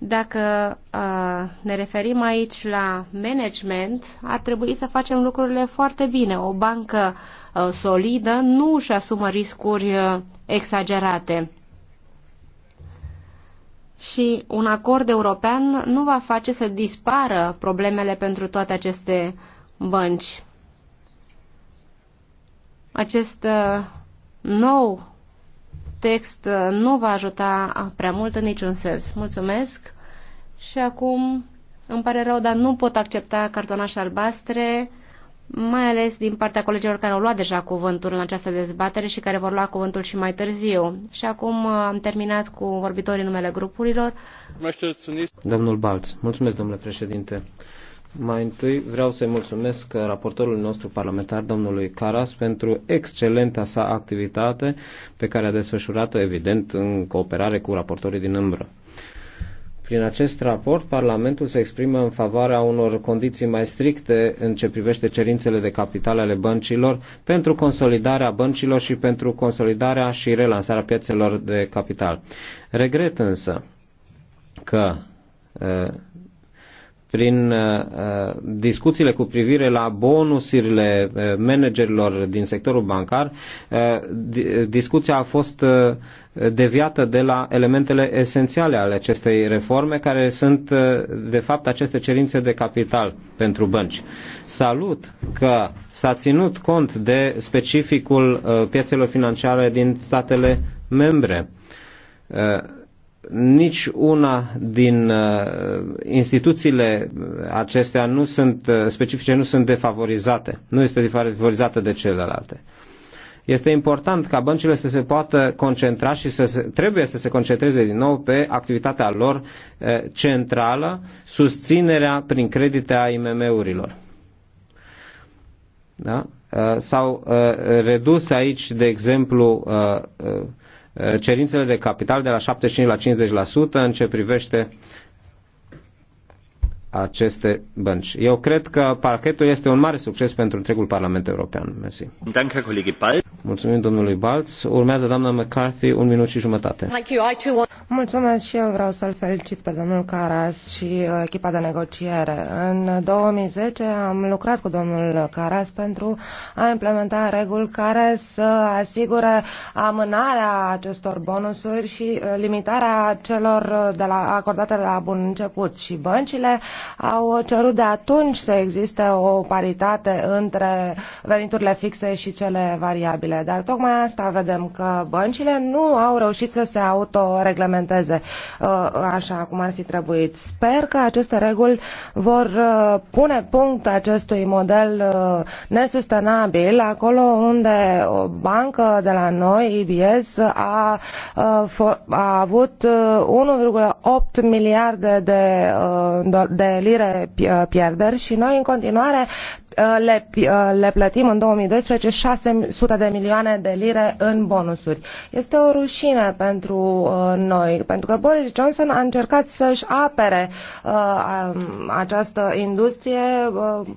Dacă uh, ne referim aici la management, ar trebui să facem lucrurile foarte bine. O bancă uh, Uh, solidă nu își asumă riscuri uh, exagerate. Și un acord european nu va face să dispară problemele pentru toate aceste bănci. Acest uh, nou text nu va ajuta prea mult în niciun sens. Mulțumesc și acum îmi pare rău, dar nu pot accepta cartonașe albastre mai ales din partea colegilor care au luat deja cuvântul în această dezbatere și care vor lua cuvântul și mai târziu. Și acum uh, am terminat cu vorbitorii numele grupurilor. Domnul Balț, mulțumesc, domnule președinte. Mai întâi vreau să-i mulțumesc raportorului nostru parlamentar, domnului Caras, pentru excelenta sa activitate pe care a desfășurat-o, evident, în cooperare cu raportorii din Îmbră. Prin acest raport, Parlamentul se exprimă în favoarea unor condiții mai stricte în ce privește cerințele de capital ale băncilor pentru consolidarea băncilor și pentru consolidarea și relansarea piețelor de capital. Regret însă că eh, prin uh, uh, discuțiile cu privire la bonusurile uh, managerilor din sectorul bancar, discuția a fost deviată de la elementele esențiale ale acestei reforme, care sunt, de fapt, aceste cerințe de capital pentru bănci. Salut că s-a ținut cont de specificul piețelor financiare din statele membre nici una din uh, instituțiile acestea nu sunt uh, specifice, nu sunt defavorizate, nu este defavorizată de celelalte. Este important ca băncile să se poată concentra și să se, trebuie să se concentreze din nou pe activitatea lor uh, centrală, susținerea prin credite a IMM-urilor. Da? sau au redus aici, de exemplu, cerințele de capital de la 75 la 50% în ce privește aceste bănci. Eu cred că parchetul este un mare succes pentru întregul Parlament European. Mersi. Mulțumim domnului Balț. Urmează doamna McCarthy un minut și jumătate. Mulțumesc și eu vreau să-l felicit pe domnul Caras și uh, echipa de negociere. În 2010 am lucrat cu domnul Caras pentru a implementa reguli care să asigure amânarea acestor bonusuri și uh, limitarea celor uh, de la, acordate de la bun început și băncile au cerut de atunci să existe o paritate între veniturile fixe și cele variabile. Dar tocmai asta vedem că băncile nu au reușit să se autoreglementeze uh, așa cum ar fi trebuit. Sper că aceste reguli vor uh, pune punct acestui model uh, nesustenabil acolo unde o bancă de la noi, IBS, a, a, avut 1,8 miliarde de, de lire pierderi și noi în continuare Uh, le, uh, le plătim în 2012 600 de milioane de lire în bonusuri. Este o rușine pentru uh, noi, pentru că Boris Johnson a încercat să-și apere um, această industrie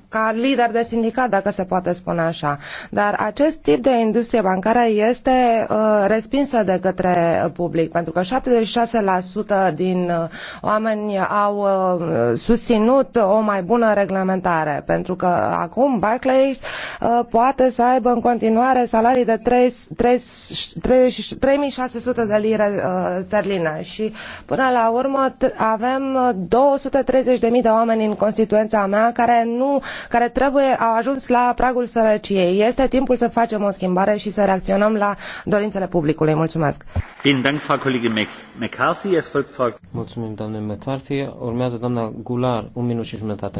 ca lider de sindicat, dacă se poate spune așa. Dar acest tip de industrie bancară este respinsă de către public, pentru că 76% din oameni au susținut o mai bună reglementare, pentru că acum, Barclays uh, poate să aibă în continuare salarii de 3600 de lire uh, sterline și până la urmă avem 230.000 uh, de oameni în constituența mea care nu, care trebuie, au ajuns la pragul sărăciei. Este timpul să facem o schimbare și să reacționăm la dorințele publicului. Mulțumesc! Mulțumim, doamne McCarthy. Urmează doamna Gular, un minut și jumătate.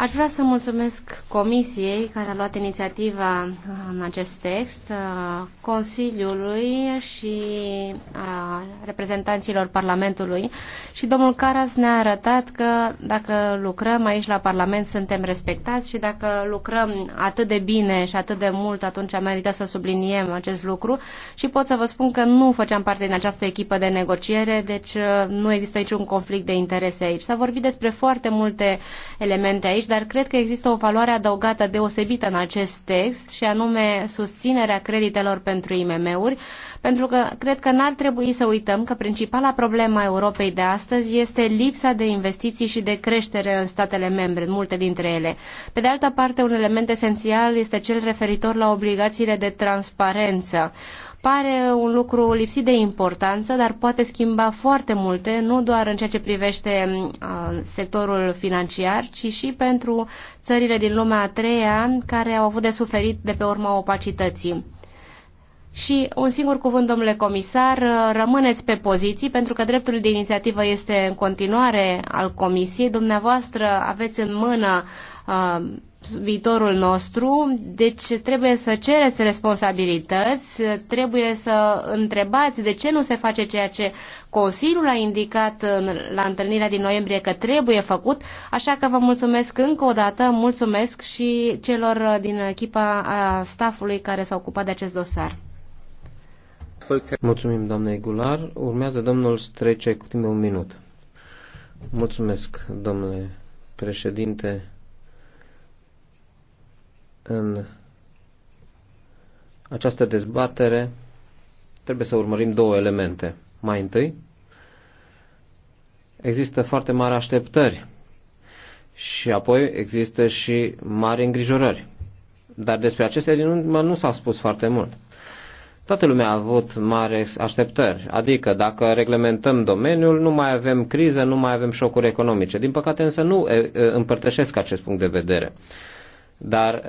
Aș vrea să mulțumesc Comisiei care a luat inițiativa uh, în acest text, uh, Consiliului și uh, reprezentanților Parlamentului și domnul Caras ne-a arătat că dacă lucrăm aici la Parlament suntem respectați și dacă lucrăm atât de bine și atât de mult atunci merită să subliniem acest lucru și pot să vă spun că nu făceam parte din această echipă de negociere, deci nu există niciun conflict de interese aici. S-a vorbit despre foarte multe elemente aici, deci, dar cred că există o valoare adăugată deosebită în acest text și anume susținerea creditelor pentru IMM-uri, pentru că cred că n-ar trebui să uităm că principala problemă a Europei de astăzi este lipsa de investiții și de creștere în statele membre, în multe dintre ele. Pe de altă parte, un element esențial este cel referitor la obligațiile de transparență. Pare un lucru lipsit de importanță, dar poate schimba foarte multe, nu doar în ceea ce privește uh, sectorul financiar, ci și pentru țările din lumea a treia care au avut de suferit de pe urma opacității. Și un singur cuvânt, domnule comisar, uh, rămâneți pe poziții, pentru că dreptul de inițiativă este în continuare al comisiei. Dumneavoastră aveți în mână uh, viitorul nostru, deci trebuie să cereți responsabilități, trebuie să întrebați de ce nu se face ceea ce Consiliul a indicat la întâlnirea din noiembrie că trebuie făcut, așa că vă mulțumesc încă o dată, mulțumesc și celor din echipa a staffului care s-au ocupat de acest dosar. Mulțumim, doamne Gular. Urmează domnul Strece cu timp un minut. Mulțumesc, domnule președinte în această dezbatere trebuie să urmărim două elemente. Mai întâi, există foarte mari așteptări și apoi există și mari îngrijorări. Dar despre acestea din urmă nu s-a spus foarte mult. Toată lumea a avut mari așteptări, adică dacă reglementăm domeniul, nu mai avem criză, nu mai avem șocuri economice. Din păcate însă nu împărtășesc acest punct de vedere. Dar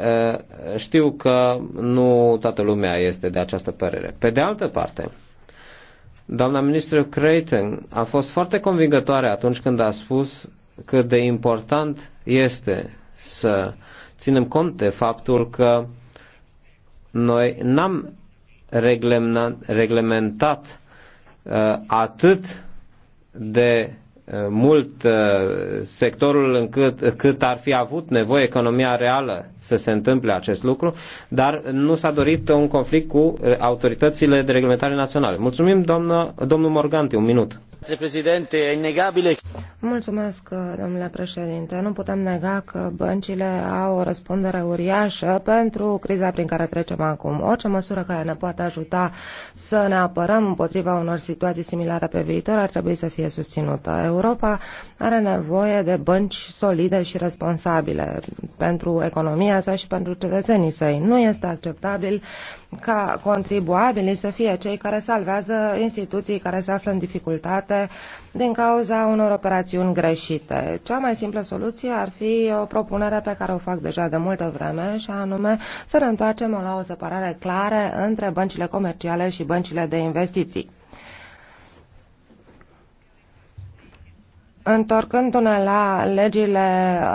știu că nu toată lumea este de această părere. Pe de altă parte, doamna ministru Creighton a fost foarte convingătoare atunci când a spus cât de important este să ținem cont de faptul că noi n-am reglementat atât de mult uh, sectorul încât cât ar fi avut nevoie economia reală să se întâmple acest lucru, dar nu s-a dorit un conflict cu autoritățile de reglementare naționale. Mulțumim, doamnă, domnul Morganti, un minut domnule președinte. Nu putem nega că băncile au o răspundere uriașă pentru criza prin care trecem acum. Orice măsură care ne poate ajuta să ne apărăm împotriva unor situații similare pe viitor ar trebui să fie susținută. Europa are nevoie de bănci solide și responsabile pentru economia sa și pentru cetățenii săi. Nu este acceptabil ca contribuabilii să fie cei care salvează instituții care se află în dificultate din cauza unor operațiuni greșite. Cea mai simplă soluție ar fi o propunere pe care o fac deja de multă vreme și anume să ne întoarcem la o separare clară între băncile comerciale și băncile de investiții. întorcându-ne la legile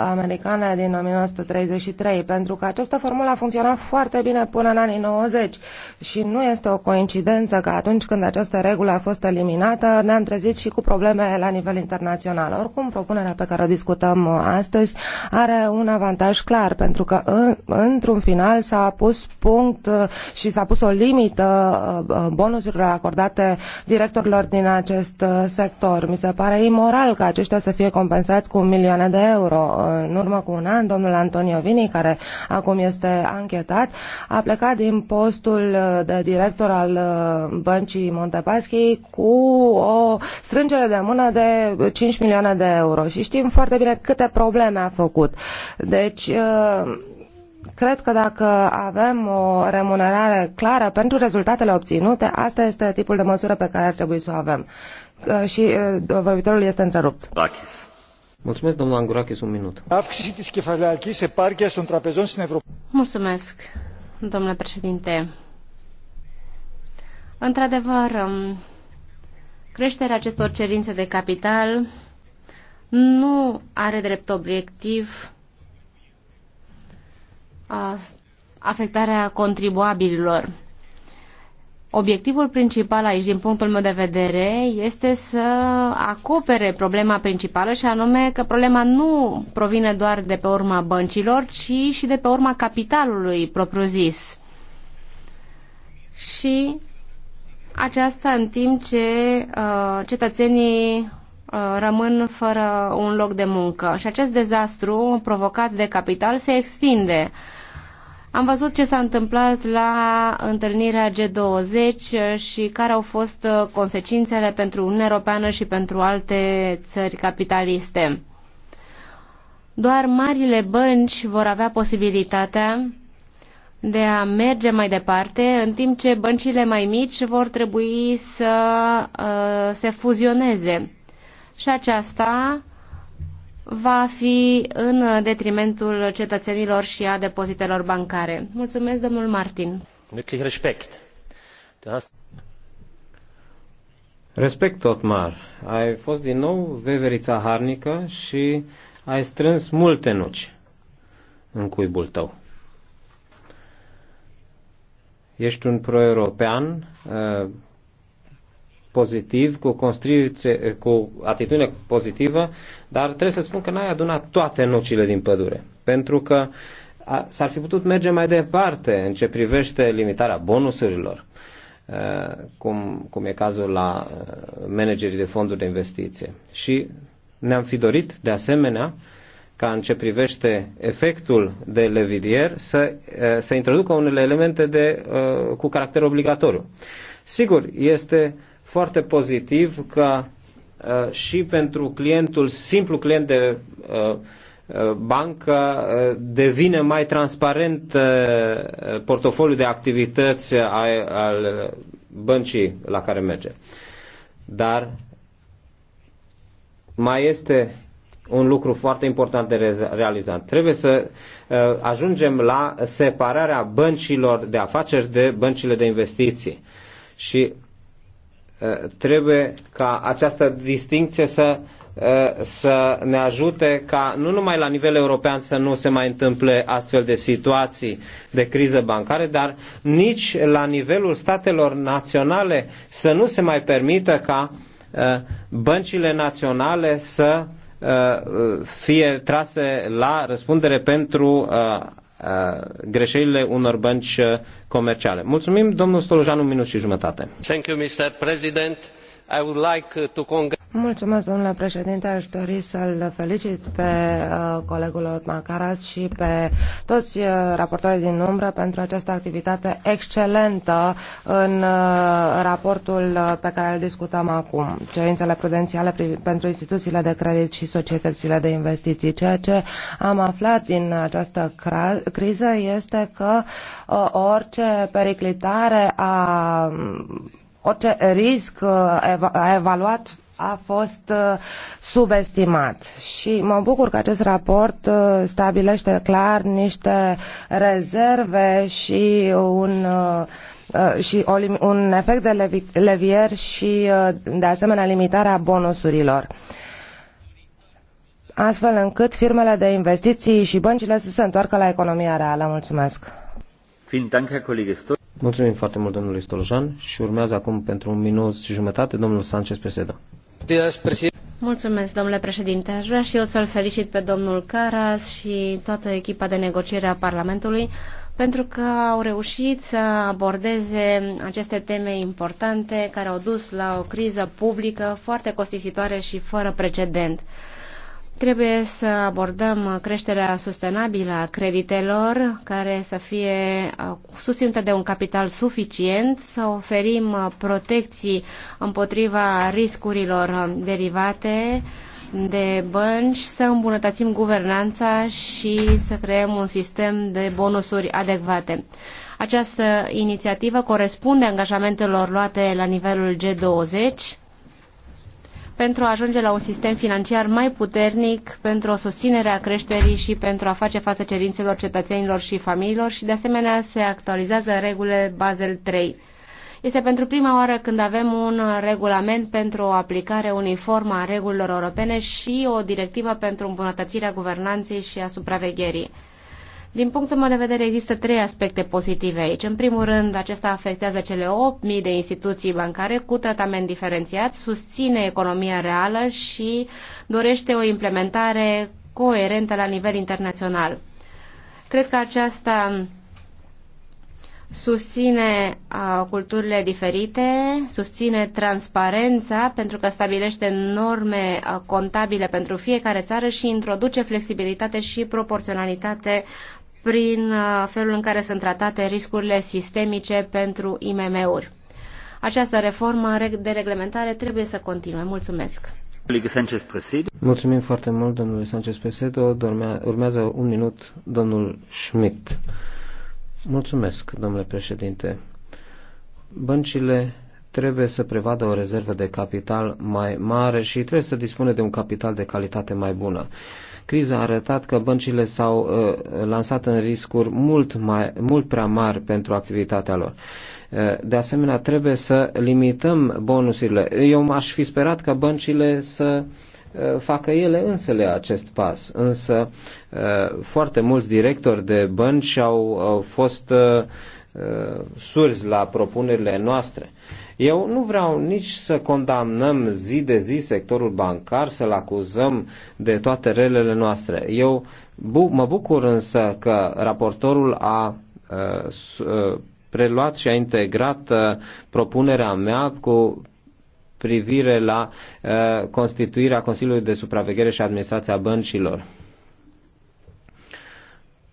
americane din 1933, pentru că această formulă a funcționat foarte bine până în anii 90 și nu este o coincidență că atunci când această regulă a fost eliminată ne-am trezit și cu probleme la nivel internațional. Oricum, propunerea pe care o discutăm astăzi are un avantaj clar, pentru că într-un final s-a pus punct uh, și s-a pus o limită uh, uh, bonusurilor acordate directorilor din acest sector. Mi se pare imoral că aceștia să fie compensați cu milioane de euro. În urmă cu un an, domnul Antonio Vini, care acum este anchetat, a plecat din postul de director al uh, băncii Montepaschi cu o strângere de mână de 5 milioane de euro și știm foarte bine câte probleme a făcut. Deci, uh, Cred că dacă avem o remunerare clară pentru rezultatele obținute, asta este tipul de măsură pe care ar trebui să o avem. Uh, și uh, vorbitorul este întrerupt. Takis. Mulțumesc, domnul Angurakis, un minut. în trapezon Europa. Mulțumesc, domnule președinte. Într-adevăr, um, creșterea acestor cerințe de capital nu are drept obiectiv uh, afectarea contribuabililor. Obiectivul principal aici, din punctul meu de vedere, este să acopere problema principală și anume că problema nu provine doar de pe urma băncilor, ci și de pe urma capitalului propriu-zis. Și aceasta în timp ce uh, cetățenii uh, rămân fără un loc de muncă. Și acest dezastru provocat de capital se extinde uh, am văzut ce s-a întâmplat la întâlnirea G20 și care au fost uh, consecințele pentru Uniunea Europeană și pentru alte țări capitaliste. Doar marile bănci vor avea posibilitatea de a merge mai departe, în timp ce băncile mai mici vor trebui să uh, se fuzioneze. Și aceasta va fi în detrimentul cetățenilor și a depozitelor bancare. Mulțumesc, domnul Martin. Wirklich respect. Respect, Otmar. Ai fost din nou veverița harnică și ai strâns multe nuci în cuibul tău. Ești un pro-european uh, pozitiv, cu, cu atitudine pozitivă, dar trebuie să spun că n-ai adunat toate nucile din pădure. Pentru că s-ar fi putut merge mai departe în ce privește limitarea bonusurilor, cum, cum e cazul la managerii de fonduri de investiție. Și ne-am fi dorit, de asemenea, ca în ce privește efectul de levidier să, să introducă unele elemente de, cu caracter obligatoriu. Sigur, este foarte pozitiv ca uh, și pentru clientul, simplu client de uh, uh, bancă, devine mai transparent portofoliul de activități al băncii la care merge. Dar mai este un lucru foarte important de realizat. Trebuie să ajungem la separarea băncilor de afaceri de băncile de investiții. Și Eh, trebuie ca această distinție să, eh, să ne ajute ca nu numai la nivel european să nu se mai întâmple astfel de situații de criză bancare, dar nici la nivelul statelor naționale să nu se mai permită ca eh, băncile naționale să fie trase la răspundere pentru Uh, greșelile unor bănci uh, comerciale. Mulțumim, domnul Stolojan, un minut și jumătate. Thank you, Mr. President a uh, Mulțumesc, dori să-l felicit pe uh, colegul Otmar Caras și pe toți uh, raportorii din umbră pentru această activitate excelentă în raportul pe care îl discutăm acum, cerințele prudențiale pentru instituțiile de credit și societățile de investiții. Ceea ce am aflat din această criză este că orice periclitare a orice risc uh, a evaluat a fost uh, subestimat și mă bucur că acest raport uh, stabilește clar niște rezerve și un și un efect de levier și de asemenea limitarea bonusurilor astfel încât firmele de investiții și băncile să se întoarcă la economia reală. Mulțumesc! Mulțumim foarte mult domnului Stolojan și urmează acum pentru un minut și jumătate domnul Sanchez Preseda. Mulțumesc, domnule președinte. Aș vrea și eu să-l felicit pe domnul Caras și toată echipa de negociere a Parlamentului pentru că au reușit să abordeze aceste teme importante care au dus la o criză publică foarte costisitoare și fără precedent. Trebuie să abordăm creșterea sustenabilă a creditelor, care să fie uh, susținută de un capital suficient, să oferim uh, protecții împotriva riscurilor uh, derivate de bănci, să îmbunătățim guvernanța și să creăm un sistem de bonusuri adecvate. Această inițiativă corespunde angajamentelor luate la nivelul G20 pentru a ajunge la un sistem financiar mai puternic pentru o susținere a creșterii și pentru a face față cerințelor cetățenilor și familiilor și de asemenea se actualizează regulile Basel 3. Este pentru prima oară când avem un regulament pentru o aplicare uniformă a regulilor europene și o directivă pentru îmbunătățirea guvernanței și a supravegherii. Din punctul meu de vedere, există trei aspecte pozitive aici. În primul rând, acesta afectează cele 8.000 de instituții bancare cu tratament diferențiat, susține economia reală și dorește o implementare coerentă la nivel internațional. Cred că aceasta susține uh, culturile diferite, susține transparența pentru că stabilește norme uh, contabile pentru fiecare țară și introduce flexibilitate și proporționalitate prin uh, felul în care sunt tratate riscurile sistemice pentru IMM-uri. Această reformă de reglementare trebuie să continue. Mulțumesc! Mulțumim foarte mult, domnului Sanchez Presedo. Urmează un minut domnul Schmidt. Mulțumesc, domnule președinte. Băncile trebuie să prevadă o rezervă de capital mai mare și trebuie să dispune de un capital de calitate mai bună. Criza a arătat că băncile s-au uh, lansat în riscuri mult, mai, mult prea mari pentru activitatea lor. Uh, de asemenea, trebuie să limităm bonusurile. Eu m-aș fi sperat ca băncile să uh, facă ele însele acest pas. Însă foarte mulți directori de bănci au, fost surzi la propunerile noastre. Eu nu vreau nici să condamnăm zi de zi sectorul bancar, să-l acuzăm de toate relele noastre. Eu bu- mă bucur însă că raportorul a uh, uh preluat și a integrat uh, propunerea mea cu privire la uh, constituirea Consiliului de Supraveghere și Administrația Băncilor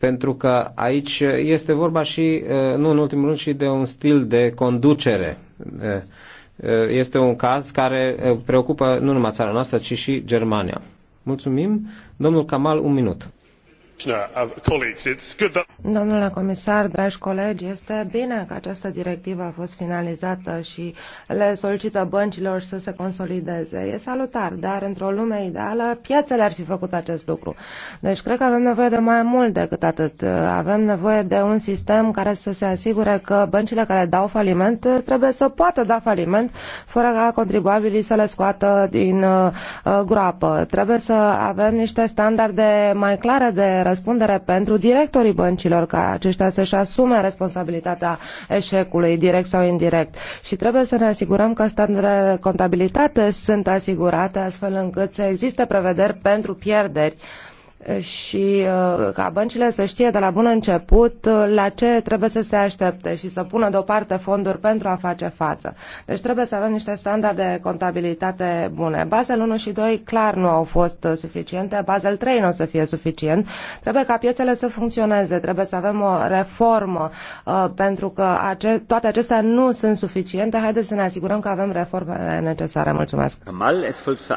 pentru că aici este vorba și, uh, nu în ultimul rând, și de un stil de conducere. Uh, uh, este un caz care preocupă nu numai țara noastră, ci și Germania. Mulțumim. Domnul Kamal, un minut. Uh, Domnule comisar, dragi colegi, este bine că această directivă a fost finalizată și le solicită băncilor să se consolideze. E salutar, dar într-o lume ideală piațele ar fi făcut acest lucru. Deci cred că avem nevoie de mai mult decât atât. Avem nevoie de un sistem care să se asigure că băncile care dau faliment trebuie să poată da faliment fără ca contribuabilii să le scoată din uh, groapă. Trebuie să avem niște standarde mai clare de răspundere pentru directorii băncilor, ca aceștia să-și asume responsabilitatea eșecului, direct sau indirect. Și trebuie să ne asigurăm că standardele de contabilitate sunt asigurate astfel încât să existe prevederi pentru pierderi și uh, ca băncile să știe de la bun început uh, la ce trebuie să se aștepte și să pună deoparte fonduri pentru a face față. Deci trebuie să avem niște standarde de contabilitate bune. Basel 1 și 2 clar nu au fost uh, suficiente, Basel 3 nu o să fie suficient. Trebuie ca piețele să funcționeze, trebuie să avem o reformă pentru că toate acestea nu sunt suficiente. Haideți să ne asigurăm că avem reformele necesare. Mulțumesc!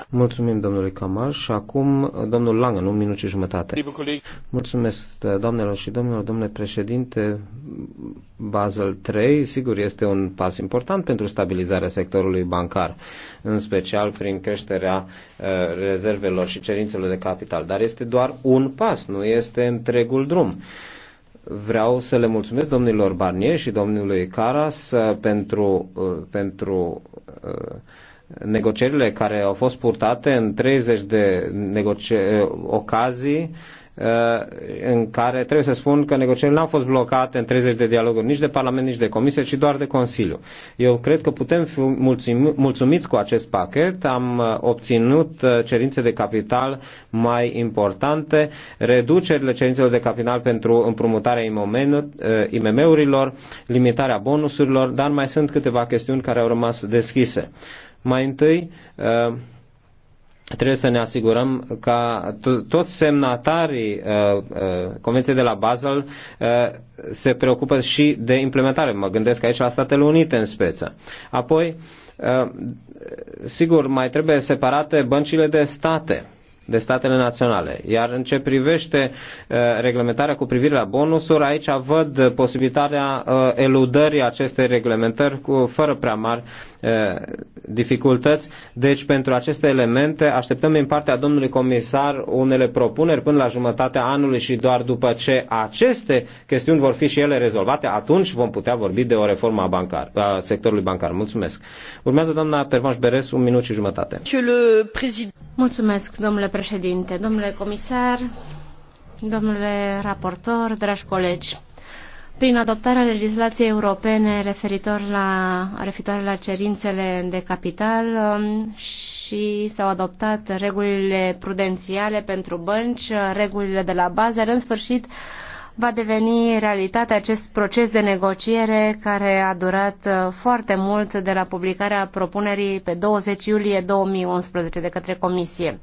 Mulțumim domnului Kamal și acum domnul Langen, un minut și jumătate. Mulțumesc, doamnelor și domnilor, domnule președinte. Basel III, sigur, este un pas important pentru stabilizarea sectorului bancar, în special prin creșterea uh, rezervelor și cerințelor de capital, dar este doar un pas, nu este întregul drum vreau să le mulțumesc domnilor Barnier și domnului Caras uh, pentru, uh, pentru negocierile care au fost purtate în 30 de eh, ocazii eh, în care trebuie să spun că negocierile n-au fost blocate în 30 de dialoguri nici de Parlament, nici de Comisie, ci doar de Consiliu. Eu cred că putem fi mulțumi, mulțumiți cu acest pachet. Am eh, obținut cerințe de capital mai importante, reducerile cerințelor de capital pentru împrumutarea IMM-urilor, limitarea bonusurilor, dar mai sunt câteva chestiuni care au rămas deschise. Mai întâi, ă, trebuie să ne asigurăm ca toți semnatarii ă, ă, Convenției de la Basel se preocupă și de implementare. Mă gândesc aici la Statele Unite în speță. Apoi, sigur, mai trebuie separate băncile de state de statele naționale. Iar în ce privește uh, reglementarea cu privire la bonusuri, aici văd posibilitatea uh, eludării acestei reglementări cu, fără prea mari uh, dificultăți. Deci pentru aceste elemente așteptăm din partea domnului comisar unele propuneri până la jumătatea anului și doar după ce aceste chestiuni vor fi și ele rezolvate, atunci vom putea vorbi de o reformă a, bancar, a sectorului bancar. Mulțumesc. Urmează doamna Pervanș Beres, un minut și jumătate. Mulțumesc, domnule președinte, domnule comisar, domnule raportor, dragi colegi. Prin adoptarea legislației europene referitor la, referitor la cerințele de capital um, și s-au adoptat regulile prudențiale pentru bănci, regulile de la bază, în sfârșit va deveni realitate acest proces de negociere care a durat uh, foarte mult de la publicarea propunerii pe 20 iulie 2011 de către Comisie.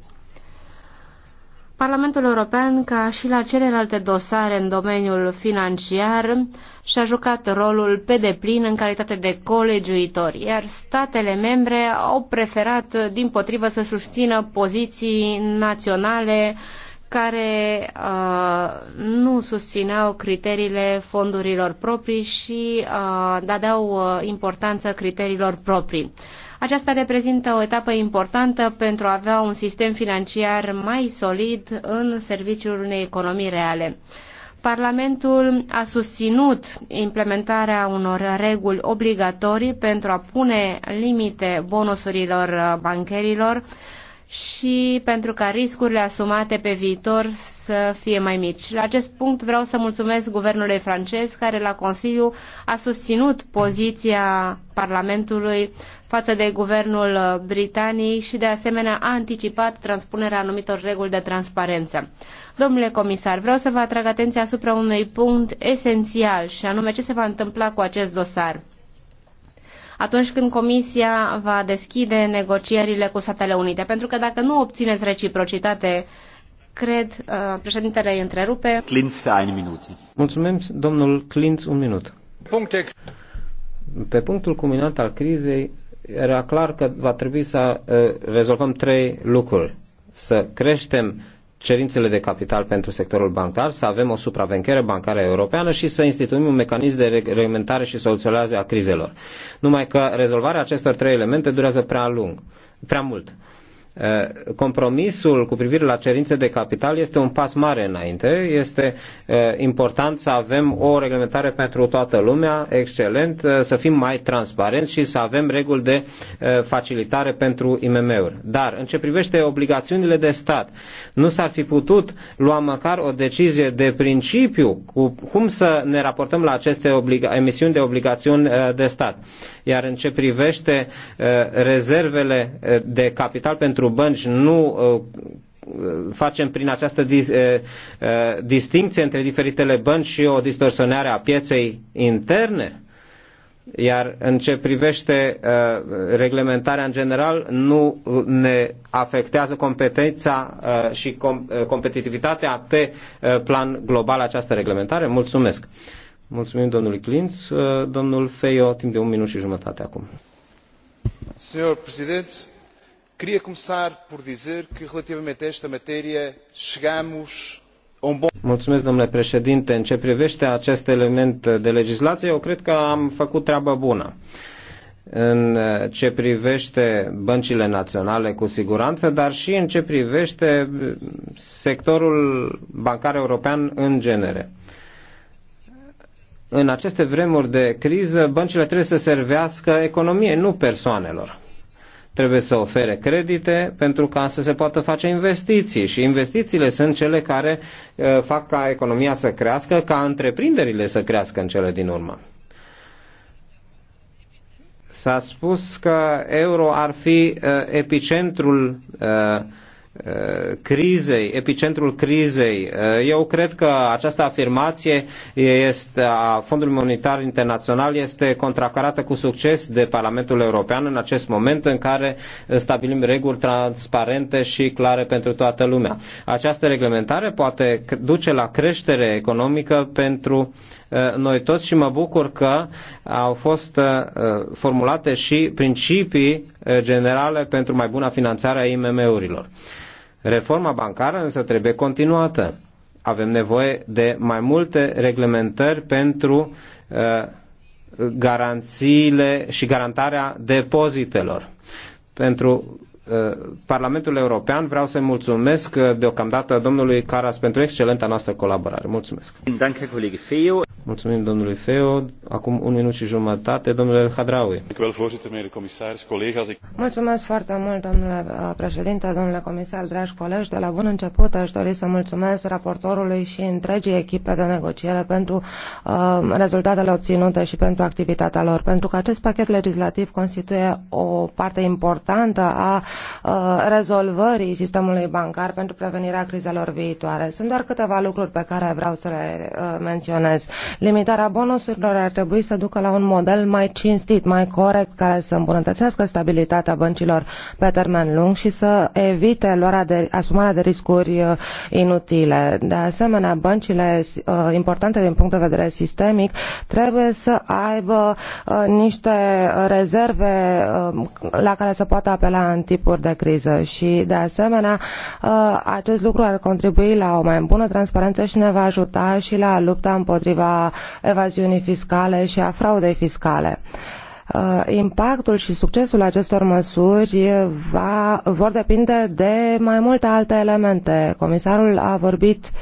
Parlamentul European, ca și la celelalte dosare în domeniul financiar, și-a jucat rolul pe deplin în calitate de colegiuitor, iar statele membre au preferat, din potrivă, să susțină poziții naționale care uh, nu susțineau criteriile fondurilor proprii și uh, dădeau uh, importanță criteriilor proprii. Aceasta reprezintă o etapă importantă pentru a avea un sistem financiar mai solid în serviciul unei economii reale. Parlamentul a susținut implementarea unor reguli obligatorii pentru a pune limite bonusurilor bancherilor și pentru ca riscurile asumate pe viitor să fie mai mici. La acest punct vreau să mulțumesc guvernului francez care la Consiliu a susținut poziția Parlamentului față de guvernul uh, britanic și de asemenea a anticipat transpunerea anumitor reguli de transparență. Domnule comisar, vreau să vă atrag atenția asupra unui punct esențial și anume ce se va întâmpla cu acest dosar. Atunci când Comisia va deschide negocierile cu Statele Unite, pentru că dacă nu obțineți reciprocitate, cred, uh, președintele îi întrerupe. Clint, un minut. Mulțumim, domnul Clint, un minut. Puncte. Pe punctul culminant al crizei, era clar că va trebui să uh, rezolvăm trei lucruri. Să creștem cerințele de capital pentru sectorul bancar, să avem o supravenchere bancară europeană și să instituim un mecanism de reglementare și soluționare a crizelor. Numai că rezolvarea acestor trei elemente durează prea lung, prea mult. Eh, compromisul cu privire la cerințe de capital este un pas mare înainte. Este eh, important să avem o reglementare pentru toată lumea, excelent, eh, să fim mai transparenți și să avem reguli de facilitare pentru IMM-uri. Dar, în ce privește obligațiunile de stat, nu s-ar fi putut lua măcar o decizie de principiu cu cum să ne raportăm la aceste emisiuni de obligațiuni de stat. Iar în ce privește rezervele de capital pentru pentru bănci nu uh, facem prin această uh, uh, distinție între diferitele bănci și o distorsionare a pieței interne? Iar în ce privește reglementarea în general, nu ne afectează competența și competitivitatea pe plan global această reglementare? Mulțumesc! Mulțumim domnului Clinț. Domnul Feio, timp de un minut și jumătate acum. Senhor președinte, queria começar por dizer que relativamente a esta matéria chegamos a um bom Mulțumesc, domnule președinte. În ce privește acest element de legislație, eu cred că am făcut treabă bună. În ce privește băncile naționale, cu siguranță, dar și în ce privește sectorul bancar european în genere în aceste vremuri de criză, băncile trebuie să servească economiei, nu persoanelor trebuie să ofere credite pentru ca să se poată face investiții și investițiile sunt cele care uh, fac ca economia să crească, ca întreprinderile să crească în cele din urmă. S-a spus că euro ar fi uh, epicentrul uh, Uh, crizei, epicentrul crizei. Uh, eu cred că această afirmație este a Fondului Monetar Internațional este contracarată cu succes de Parlamentul European în acest moment în care stabilim reguli transparente și clare pentru toată lumea. Această reglementare poate duce la creștere economică pentru uh, noi toți și mă bucur că au fost formulate și principii generale pentru mai bună finanțare a IMM-urilor. Reforma bancară însă trebuie continuată. Avem nevoie de mai multe reglementări pentru uh, garanțiile și garantarea depozitelor. Pentru uh, Parlamentul European vreau să-i mulțumesc uh, deocamdată domnului Caras pentru excelenta noastră colaborare. Mulțumesc! Mulțumim domnului Feo. Acum un minut și jumătate, domnule Hadraui. Mulțumesc foarte mult, domnule uh, președinte, domnule comisar, dragi colegi. De la bun început aș dori să mulțumesc raportorului și întregii echipe de negociere pentru uh, rezultatele obținute și pentru activitatea lor, pentru că acest pachet legislativ constituie o parte importantă a uh, rezolvării sistemului bancar pentru prevenirea crizelor viitoare. Sunt doar câteva lucruri pe care vreau să le uh, menționez. Limitarea bonusurilor ar trebui să ducă la un model mai cinstit, mai corect, care să îmbunătățească stabilitatea băncilor pe termen lung și să evite luarea de, asumarea de riscuri uh, inutile. De asemenea, băncile uh, importante din punct de vedere sistemic trebuie să aibă uh, niște rezerve la care să poată apela în tipuri de criză și, de asemenea, acest lucru ar contribui la o mai bună transparență și ne va ajuta și la lupta împotriva evaziunii fiscale și a fraudei fiscale uh, impactul și succesul acestor măsuri va, vor depinde de mai multe alte elemente. Comisarul a vorbit uh,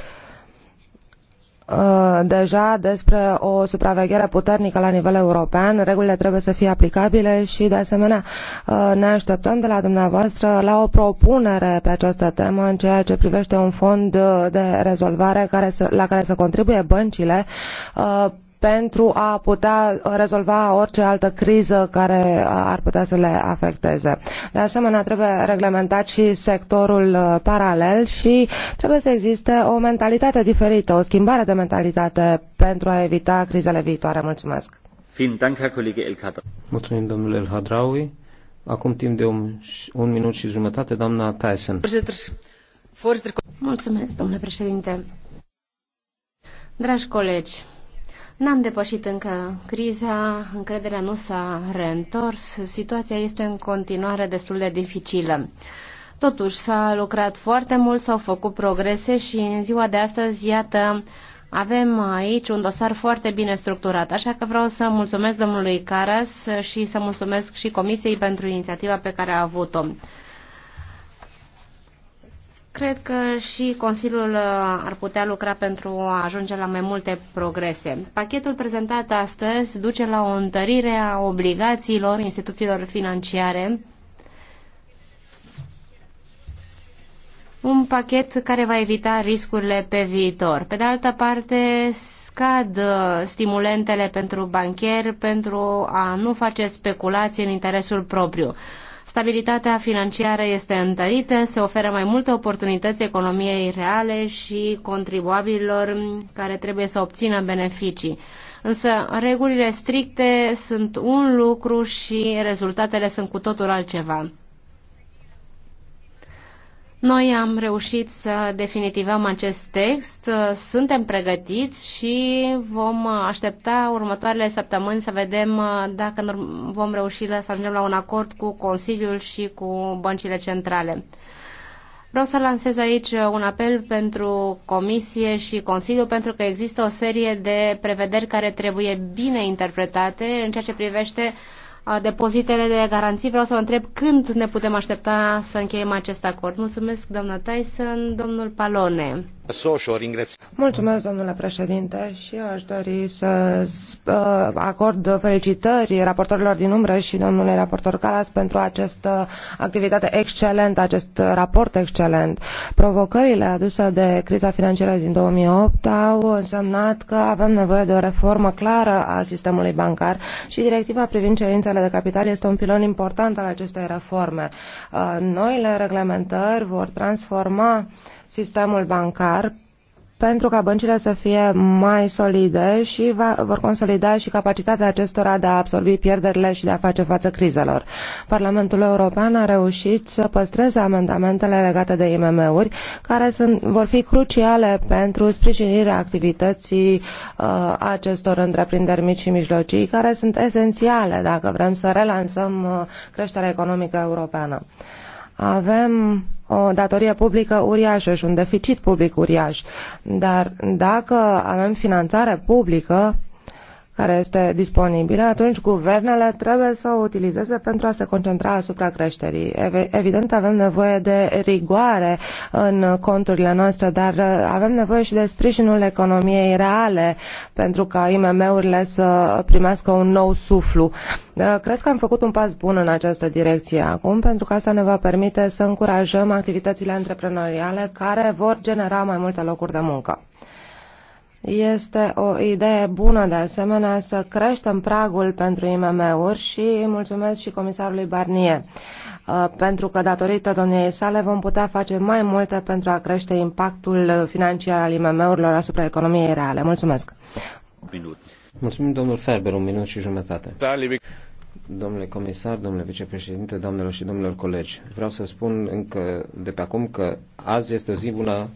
Uh, deja despre o supraveghere puternică la nivel european, regulile trebuie să fie aplicabile și de asemenea uh, ne așteptăm de la dumneavoastră la o propunere pe această temă în ceea ce privește un fond de rezolvare care să, la care să contribuie băncile uh, pentru a putea rezolva orice altă criză care ar putea să le afecteze. De asemenea, trebuie reglementat și sectorul uh, paralel și trebuie să existe o mentalitate diferită, o schimbare de mentalitate pentru a evita crizele viitoare. Mulțumesc! Mulțumim, domnule El Hadraui. Acum timp de un, un minut și jumătate, doamna Tyson. Mulțumesc, domnule președinte. Dragi colegi, N-am depășit încă criza, încrederea nu s-a reîntors, situația este în continuare destul de dificilă. Totuși, s-a lucrat foarte mult, s-au făcut progrese și în ziua de astăzi, iată, avem aici un dosar foarte bine structurat, așa că vreau să mulțumesc domnului Caras și să mulțumesc și Comisiei pentru inițiativa pe care a avut-o. Cred că și Consiliul uh, ar putea lucra pentru a ajunge la mai multe progrese. Pachetul prezentat astăzi duce la o întărire a obligațiilor instituțiilor financiare un pachet care va evita riscurile pe viitor. Pe de altă parte, scad uh, stimulentele pentru bancheri pentru a nu face speculații în interesul propriu. Stabilitatea financiară este întărită, se oferă mai multe oportunități economiei reale și contribuabililor care trebuie să obțină beneficii. Însă regulile stricte sunt un lucru și rezultatele sunt cu totul altceva. Noi am reușit să definitivăm acest text, suntem pregătiți și vom aștepta următoarele săptămâni să vedem uh, dacă vom reuși să ajungem la un acord cu Consiliul și cu băncile centrale. Vreau să lansez aici uh, un apel pentru Comisie și Consiliu pentru că există o serie de prevederi care trebuie bine interpretate în ceea ce privește uh, Uh, depozitele de garanții. Vreau să vă întreb când ne putem aștepta să încheiem acest acord. Mulțumesc, doamna Tyson, domnul Palone. Mulțumesc, domnule președinte, și eu aș dori să uh, acord felicitări raportorilor din umbră și domnului raportor Calas pentru această activitate excelentă, acest raport excelent. Provocările aduse de criza financiară din 2008 au însemnat că avem nevoie de o reformă clară a sistemului bancar și directiva privind cerințele de capital este un pilon important al acestei reforme. Uh, noile reglementări vor transforma sistemul bancar pentru ca băncile să fie mai solide și va, vor consolida și capacitatea acestora de a absorbi pierderile și de a face față crizelor. Parlamentul European a reușit să păstreze amendamentele legate de IMM-uri, care sunt, vor fi cruciale pentru sprijinirea activității uh, acestor întreprinderi mici și mijlocii, care sunt esențiale dacă vrem să relansăm uh, creșterea economică europeană. Uh, avem o datorie publică uriașă și un deficit public uriaș, dar dacă avem finanțare publică, care este disponibilă, atunci guvernele trebuie să o utilizeze pentru a se concentra asupra creșterii. Evident, avem nevoie de rigoare în conturile noastre, dar uh, avem nevoie și de sprijinul economiei reale pentru ca IMM-urile să primească un nou suflu. Uh, cred că am făcut un pas bun în această direcție acum, pentru că asta ne va permite să încurajăm activitățile antreprenoriale care vor genera mai multe locuri de muncă. Este o idee bună de asemenea să creștem pragul pentru IMM-uri și mulțumesc și comisarului Barnier uh, pentru că datorită domniei sale vom putea face mai multe pentru a crește impactul financiar al IMM-urilor asupra economiei reale. Mulțumesc! Minut. Mulțumim, domnul Ferber, un minut și jumătate. Da, domnule comisar, domnule vicepreședinte, doamnelor și domnilor colegi, vreau să spun încă de pe acum că azi este o zi bună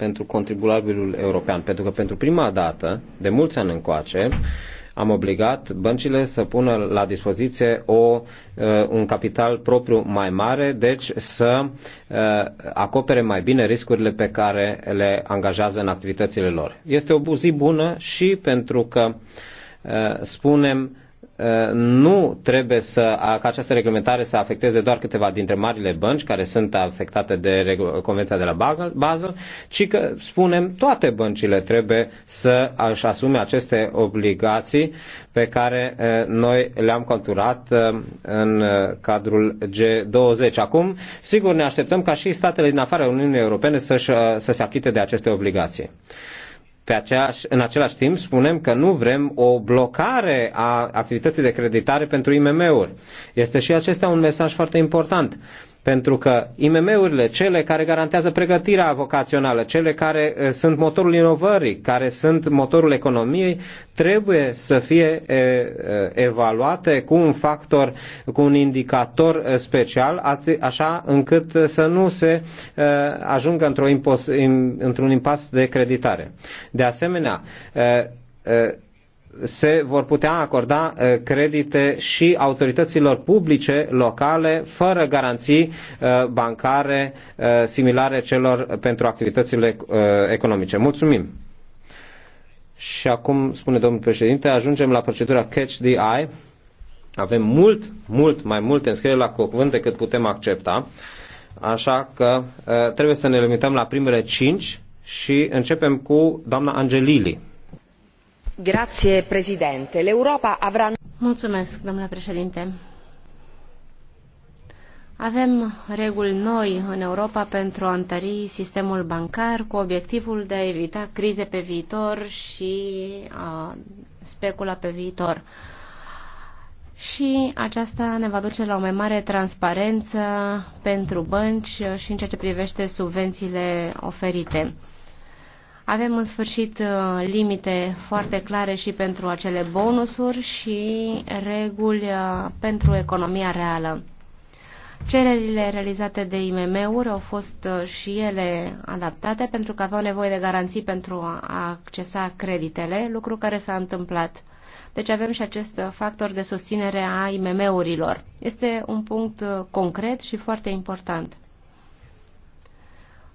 pentru contribuabilul european, pentru că pentru prima dată, de mulți ani încoace, am obligat băncile să pună la dispoziție o, uh, un capital propriu mai mare, deci să uh, acopere mai bine riscurile pe care le angajează în activitățile lor. Este o buzi bună și pentru că uh, spunem nu trebuie să, ca această reglementare să afecteze doar câteva dintre marile bănci care sunt afectate de Convenția de la Basel, ci că, spunem, toate băncile trebuie să își asume aceste obligații pe care noi le-am conturat în cadrul G20. Acum, sigur, ne așteptăm ca și statele din afara Uniunii Europene să, să se achite de aceste obligații. Pe aceeași, în același timp spunem că nu vrem o blocare a activității de creditare pentru IMM-uri. Este și acesta un mesaj foarte important pentru că IMM-urile, cele care garantează pregătirea vocațională, cele care sunt motorul inovării, care sunt motorul economiei, trebuie să fie evaluate cu un factor, cu un indicator special, așa încât să nu se ajungă într-un impas de creditare. De asemenea, se vor putea acorda uh, credite și autorităților publice locale fără garanții uh, bancare uh, similare celor pentru activitățile economice. Mulțumim! Și acum, spune domnul președinte, ajungem la procedura Catch the Eye. Avem mult, mult mai multe înscrieri la cuvânt decât putem accepta, așa că trebuie să ne limităm la primele cinci și începem cu doamna Angelili avrà... Mulțumesc, domnule președinte. Avem reguli noi în Europa pentru a întări sistemul bancar cu obiectivul de a evita crize pe viitor și specula pe viitor. Și aceasta ne va duce la o mai mare transparență pentru bănci și în ceea ce privește subvențiile oferite. Avem în sfârșit uh, limite foarte clare și pentru acele bonusuri și reguli uh, pentru economia reală. Cererile realizate de IMM-uri au fost uh, și ele adaptate pentru că aveau nevoie de garanții pentru a accesa creditele, lucru care s-a întâmplat. Deci avem și acest factor de susținere a IMM-urilor. Este un punct concret și foarte important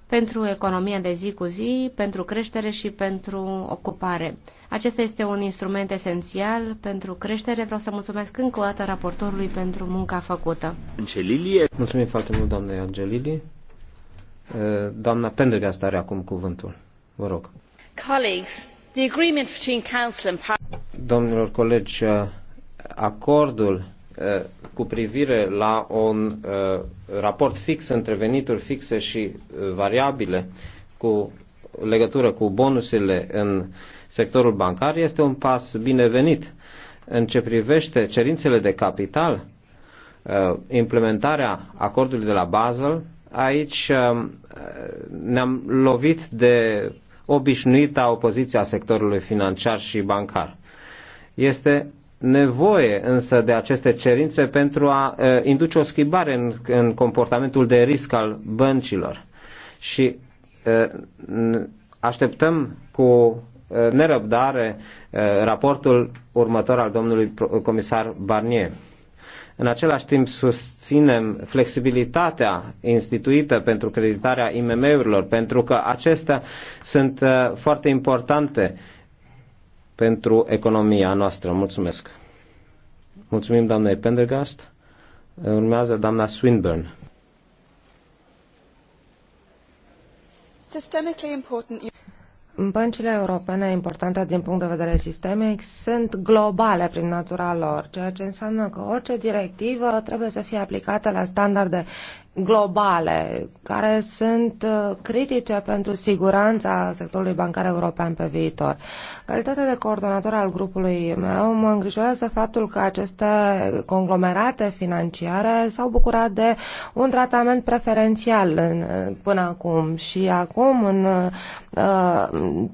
pentru economia de zi cu zi, pentru creștere și pentru ocupare. Acesta este un instrument esențial pentru creștere. Vreau să mulțumesc încă o dată raportorului pentru munca făcută. Angelilie. Mulțumim foarte mult, doamna Angelili. Doamna Pendergast are acum cuvântul. Vă rog. Colleagues, the agreement between Council and Domnilor colegi, acordul cu privire la un uh, raport fix între venituri fixe și uh, variabile cu legătură cu bonusele în sectorul bancar este un pas binevenit. În ce privește cerințele de capital, uh, implementarea acordului de la Basel, aici uh, ne-am lovit de obișnuita opoziția sectorului financiar și bancar. Este nevoie însă de aceste cerințe pentru a induce o schimbare în, în comportamentul de risc al băncilor. Și așteptăm cu nerăbdare raportul următor al domnului comisar Barnier. În același timp susținem flexibilitatea instituită pentru creditarea IMM-urilor, pentru că acestea sunt foarte importante pentru economia noastră. Mulțumesc! Mulțumim doamne Pendergast. Urmează doamna Swinburne. Systemically Băncile europene importante din punct de vedere sistemic sunt globale prin natura lor, ceea ce înseamnă că orice directivă trebuie să fie aplicată la standarde globale care sunt uh, critice pentru siguranța sectorului bancar european pe viitor. calitatea de coordonator al grupului meu, mă îngrijorează faptul că aceste conglomerate financiare s-au bucurat de un tratament preferențial în, până acum și acum în uh,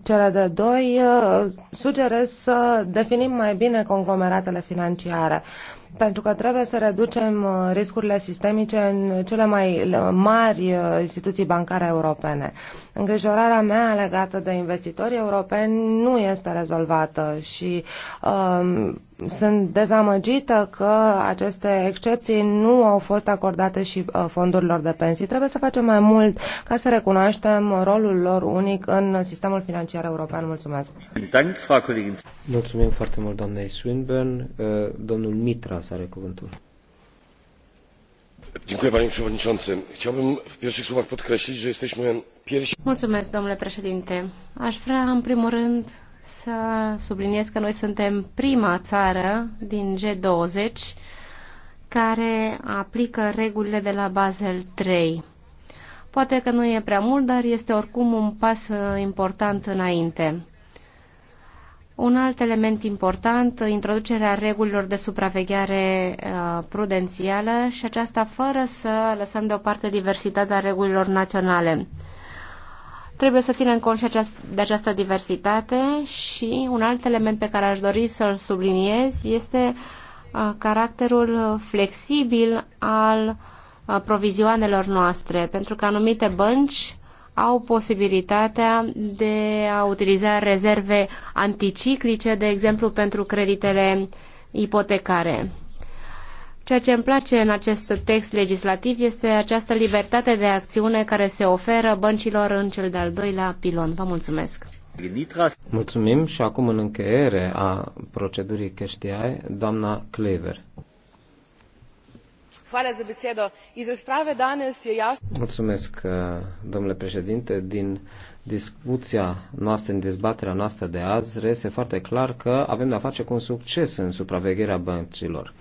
cele de doi uh, sugerez să definim mai bine conglomeratele financiare pentru că trebuie să reducem uh, riscurile sistemice în cele mai uh, mari uh, instituții bancare europene. Îngrijorarea mea legată de investitorii europeni nu este rezolvată și um, sunt dezamăgită că aceste excepții nu au fost acordate și uh, fondurilor de pensii. Trebuie să facem mai mult ca să recunoaștem rolul lor unic în sistemul financiar european. Mulțumesc! Mulțumim foarte mult, doamnei Swinburne. Uh, domnul Mitra să are cuvântul panie przewodniczący! chciałbym w pierwszych słowach podkreślić że jesteśmy pierwsi. domnule președinte aș vrea în primul rând să subliniez că noi suntem prima țară din G20 care aplică regulile de la Basel III. Poate că nu e prea mult, dar este oricum un pas uh, important înainte. Un alt element important, introducerea regulilor de supraveghere uh, prudențială și aceasta fără să lăsăm deoparte diversitatea regulilor naționale. Trebuie să ținem cont și aceast- de această diversitate și un alt element pe care aș dori să-l subliniez este uh, caracterul flexibil al uh, provizioanelor noastre, pentru că anumite bănci au posibilitatea de a utiliza rezerve anticiclice, de exemplu pentru creditele ipotecare. Ceea ce îmi place în acest text legislativ este această libertate de acțiune care se oferă băncilor în cel de-al doilea pilon. Vă mulțumesc! Mulțumim și acum în încheiere a procedurii cash doamna Clever. Mulțumesc, uh, domnule președinte. Din discuția noastră, în dezbaterea noastră de azi, reiese foarte clar că avem de-a face cu un succes în supravegherea băncilor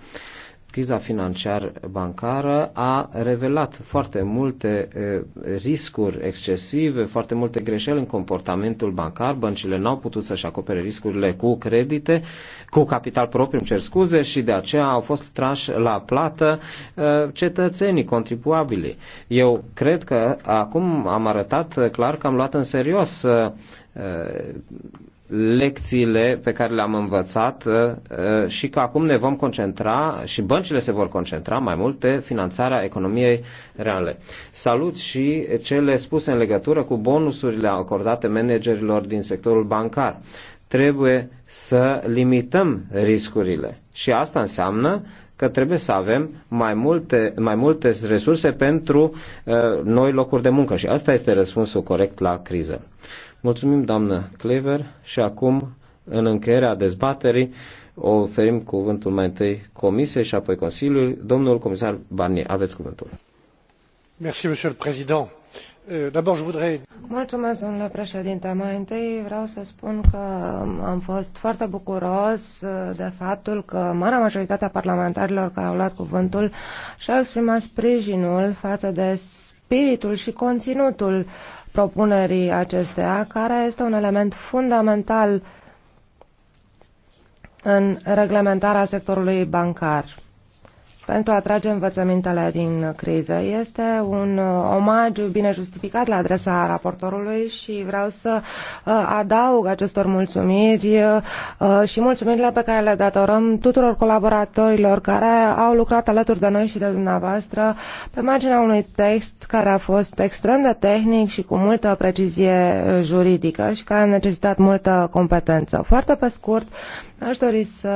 criza financiar bancară a revelat foarte multe riscuri excesive, foarte multe greșeli în comportamentul bancar. Băncile n-au putut să-și acopere riscurile cu credite, cu capital propriu, îmi cer scuze, și de aceea au fost trași la plată cetățenii, contribuabili. Eu cred că acum am arătat clar că am luat în serios lecțiile pe care le-am învățat uh, uh, și că acum ne vom concentra și băncile se vor concentra mai mult pe finanțarea economiei reale. Salut și cele spuse în legătură cu bonusurile acordate managerilor din sectorul bancar. Trebuie să limităm riscurile și asta înseamnă că trebuie să avem mai multe, mai multe resurse pentru uh, noi locuri de muncă și asta este răspunsul corect la criză. Mulțumim, doamnă Clever, și acum, în încheierea dezbaterii, oferim cuvântul mai întâi Comisiei și apoi Consiliului. Domnul comisar Barnier, aveți cuvântul. Merci, monsieur le président. Euh, Mulțumesc, domnule președinte. Mai întâi vreau să spun că am fost foarte bucuros de faptul că marea majoritatea parlamentarilor care au luat cuvântul și-au exprimat sprijinul față de spiritul și conținutul uh, propunerii acesteia, care este un element fundamental în reglementarea sectorului bancar pentru a trage învățămintele din criză. Este un uh, omagiu bine justificat la adresa raportorului și vreau să uh, adaug acestor mulțumiri uh, și mulțumirile pe care le datorăm tuturor colaboratorilor care au lucrat alături de noi și de dumneavoastră pe marginea unui text care a fost extrem de tehnic și cu multă precizie juridică și care a necesitat multă competență. Foarte pe scurt, Aș dori să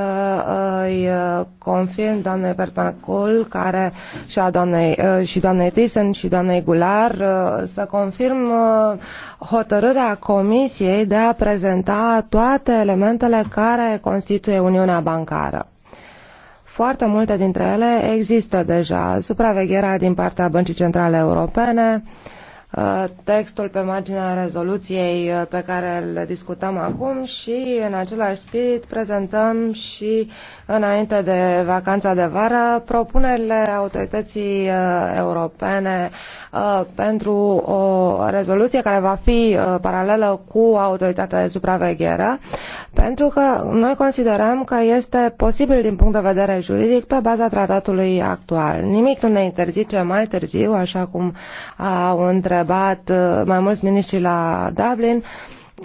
uh, îi uh, confirm doamnei Perpacol care și, a doamnei, uh, și doamnei Thyssen și doamnei Gular să confirm hotărârea Comisiei de a prezenta toate elementele care constituie Uniunea Bancară. Foarte multe dintre ele există deja. Supravegherea din partea Băncii Centrale Europene, uh, textul pe marginea rezoluției uh, pe care îl discutăm acum și în același spirit prezentăm și înainte de vacanța de vară propunerile autorității uh, europene uh, pentru o rezoluție care va fi paralelă cu autoritatea de supraveghere pentru că noi considerăm că este posibil din punct de vedere juridic pe baza tratatului actual. Nimic nu ne interzice mai târziu, așa cum au întrebat întrebat uh, mai mulți miniștri la Dublin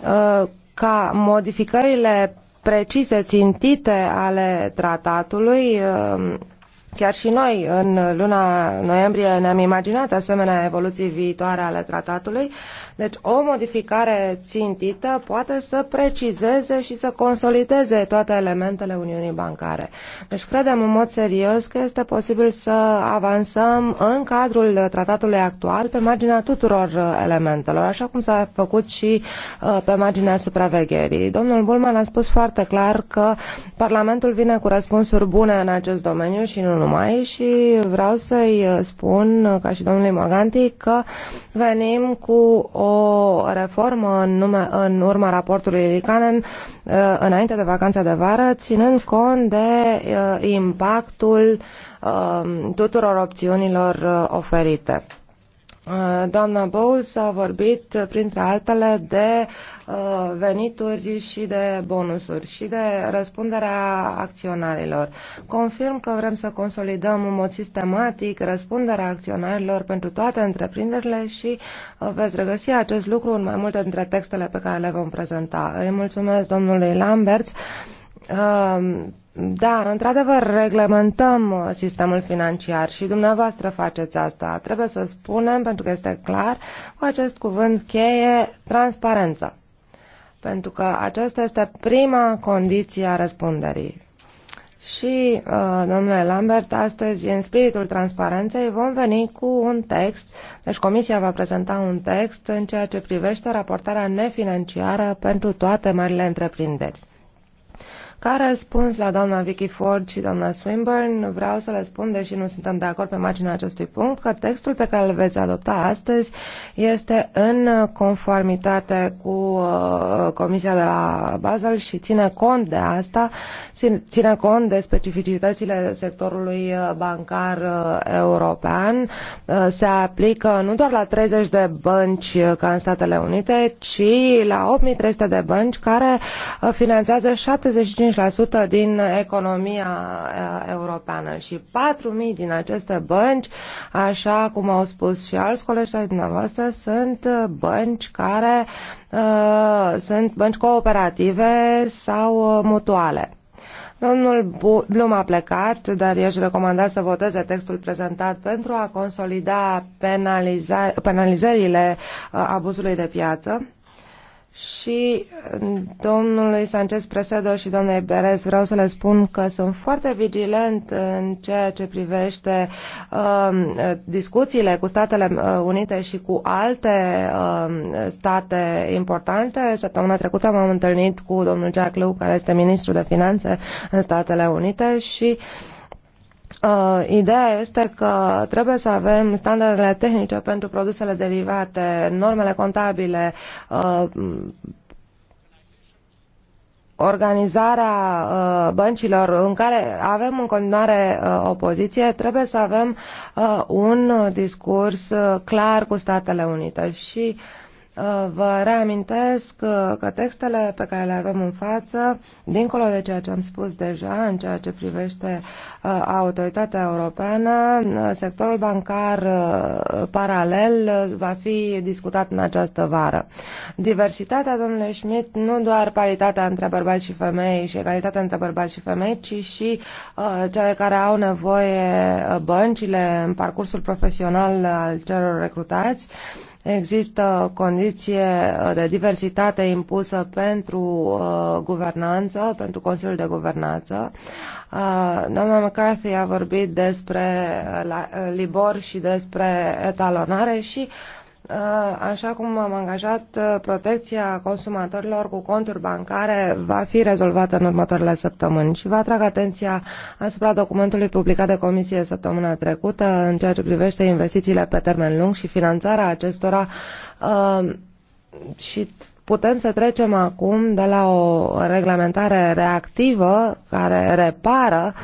uh, ca modificările precise, țintite ale tratatului uh, Chiar și noi, în luna noiembrie, ne-am imaginat asemenea evoluții viitoare ale tratatului, deci o modificare țintită poate să precizeze și să consolideze toate elementele Uniunii Bancare. Deci credem în mod serios că este posibil să avansăm în cadrul tratatului actual pe marginea tuturor uh, elementelor, așa cum s-a făcut și uh, pe marginea supravegherii. Domnul Bulman a spus foarte clar că Parlamentul vine cu răspunsuri bune în acest domeniu și nu numai și vreau să-i uh, spun, ca și domnului Morganti, că venim cu o o reformă în, nume, în urma raportului Ricanen uh, înainte de vacanța de vară, ținând cont de uh, impactul uh, tuturor opțiunilor oferite. Uh, doamna Bowles a vorbit, uh, printre altele, de uh, venituri și de bonusuri și de răspunderea acționarilor. Confirm că vrem să consolidăm în mod sistematic răspunderea acționarilor pentru toate întreprinderile și veți regăsi acest lucru în mai multe dintre textele pe care le vom prezenta. Îi mulțumesc domnului Lamberts Ehm, da, într-adevăr, reglementăm uh, sistemul financiar și dumneavoastră faceți asta. Trebuie să spunem, pentru că este clar, cu acest cuvânt cheie, transparență. Pentru că aceasta este prima condiție a răspunderii. Și, uh, domnule Lambert, astăzi, în spiritul transparenței, vom veni cu un text, deci Comisia va prezenta un text în ceea ce privește raportarea nefinanciară pentru toate marile întreprinderi. Ca răspuns la doamna Vicky Ford și doamna Swinburne, vreau să le spun, deși nu suntem de acord pe marginea acestui punct, că textul pe care îl veți adopta astăzi este în conformitate cu uh, Comisia de la Basel și ține cont de asta, ține cont de specificitățile sectorului uh, bancar uh, european. Se aplică nu doar la 30 de bănci ca în Statele Unite, ci la 8300 de bănci care finanțează 75 5% din economia europeană și 4.000 din aceste bănci, așa cum au spus și alți colegi ai dumneavoastră, sunt bănci care uh, sunt bănci cooperative sau mutuale. Domnul Blum a plecat, dar i-aș recomanda să voteze textul prezentat pentru a consolida penaliza- penalizările abuzului de piață și uh, domnului Sanchez Presedo și domnului Berez vreau să le spun că sunt foarte vigilent în ceea ce privește uh, discuțiile cu Statele uh, Unite și cu alte uh, state importante. Săptămâna trecută m-am întâlnit cu domnul Jack Lew, care este ministru de finanțe în Statele Unite și uh, Uh, ideea este că trebuie să avem standardele tehnice pentru produsele derivate, normele contabile, uh, organizarea uh, băncilor în care avem în continuare uh, opoziție, trebuie să avem uh, un discurs uh, clar cu Statele Unite și uh, Uh, vă reamintesc uh, că textele pe care le avem în față, dincolo de ceea ce am spus deja în ceea ce privește uh, autoritatea europeană, sectorul bancar paralel va fi discutat în această vară. Diversitatea, domnule Schmidt, nu doar paritatea între bărbați și femei și egalitatea între bărbați și femei, ci și cele care au nevoie băncile în parcursul profesional al celor recrutați, Există o condiție de diversitate impusă pentru uh, guvernanță, pentru Consiliul de Guvernanță. Uh, doamna McCarthy a vorbit despre uh, Libor și despre etalonare și uh, Uh, așa cum am angajat, uh, protecția consumatorilor cu conturi bancare va fi rezolvată în următoarele săptămâni și vă atrag atenția asupra documentului publicat de Comisie săptămâna trecută în ceea ce privește investițiile pe termen lung și finanțarea acestora uh, și putem să trecem acum de la o reglementare reactivă care repară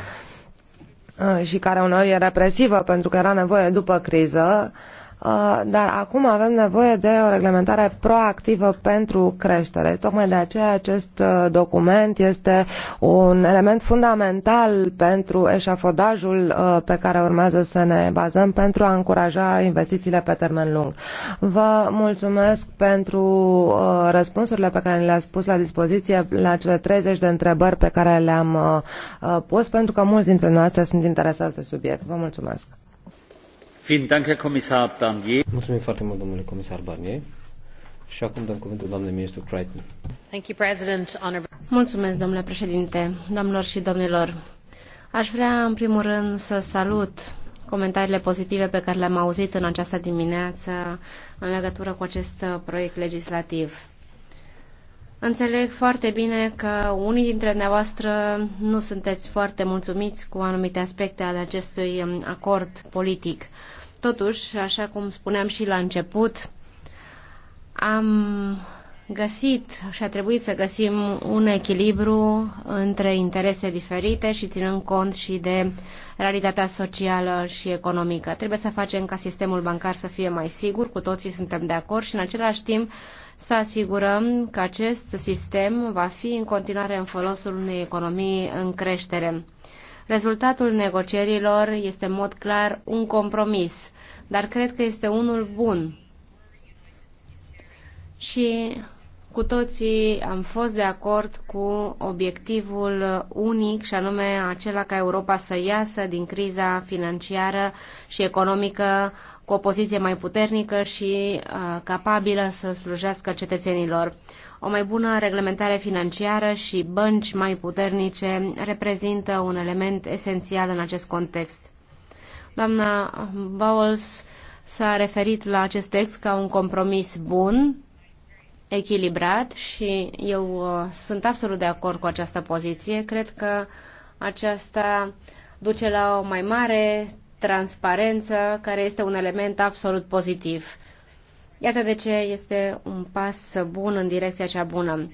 și care uneori e represivă pentru că era nevoie după criză, Uh, dar acum avem nevoie de o reglementare proactivă pentru creștere. Tocmai de aceea acest uh, document este un element fundamental pentru eșafodajul uh, pe care urmează să ne bazăm pentru a încuraja investițiile pe termen lung. Vă mulțumesc pentru răspunsurile pe care le-ați pus la dispoziție la cele 30 de întrebări pe care le-am pus, pentru că mulți dintre noastre sunt interesați de subiect. Vă mulțumesc! Mulțumim foarte mult, domnule comisar Barnier. Și acum dăm cuvântul doamnei ministru Crichton. Mulțumesc, domnule președinte, doamnelor și domnilor. Aș vrea, în primul rând, să salut comentariile pozitive pe care le-am auzit în această dimineață în legătură cu acest proiect legislativ. Înțeleg foarte bine că unii dintre dumneavoastră nu sunteți foarte mulțumiți cu anumite aspecte ale acestui acord politic. Totuși, așa cum spuneam și la început, am găsit și a trebuit să găsim un echilibru între interese diferite și ținând cont și de realitatea socială și economică. Trebuie să facem ca sistemul bancar să fie mai sigur, cu toții suntem de acord și în același timp să asigurăm că acest sistem va fi în continuare în folosul unei economii în creștere. Rezultatul negocierilor este în mod clar un compromis, dar cred că este unul bun. Și cu toții am fost de acord cu obiectivul unic și anume acela ca Europa să iasă din criza financiară și economică cu o poziție mai puternică și uh, capabilă să slujească cetățenilor. O mai bună reglementare financiară și bănci mai puternice reprezintă un element esențial în acest context. Doamna Bowles s-a referit la acest text ca un compromis bun, echilibrat și eu uh, sunt absolut de acord cu această poziție. Cred că aceasta duce la o mai mare transparență, care este un element absolut pozitiv. Iată de ce este un pas bun în direcția cea bună.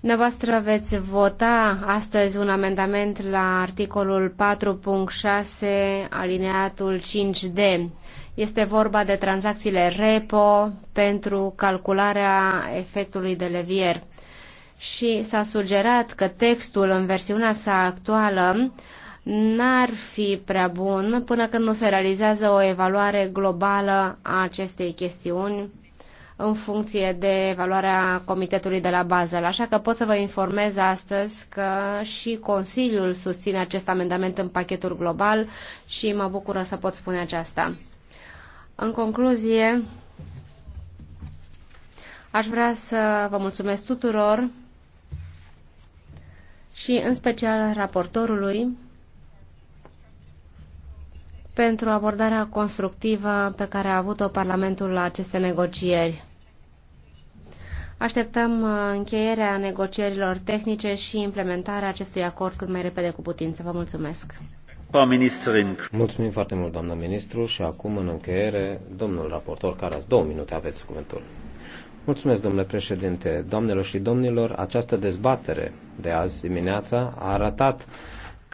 Dumneavoastră veți vota astăzi un amendament la articolul 4.6 alineatul 5D. Este vorba de tranzacțiile repo pentru calcularea efectului de levier. Și s-a sugerat că textul în versiunea sa actuală n-ar fi prea bun până când nu se realizează o evaluare globală a acestei chestiuni în funcție de evaluarea comitetului de la Basel. Așa că pot să vă informez astăzi că și Consiliul susține acest amendament în pachetul global și mă bucură să pot spune aceasta. În concluzie, aș vrea să vă mulțumesc tuturor și în special raportorului pentru abordarea constructivă pe care a avut-o Parlamentul la aceste negocieri. Așteptăm uh, încheierea negocierilor tehnice și implementarea acestui acord cât mai repede cu putință. Vă mulțumesc! Mulțumim foarte mult, doamnă ministru, și acum, în încheiere, domnul raportor care Caras, două minute aveți cuvântul. Mulțumesc, domnule președinte. Doamnelor și domnilor, această dezbatere de azi dimineața a arătat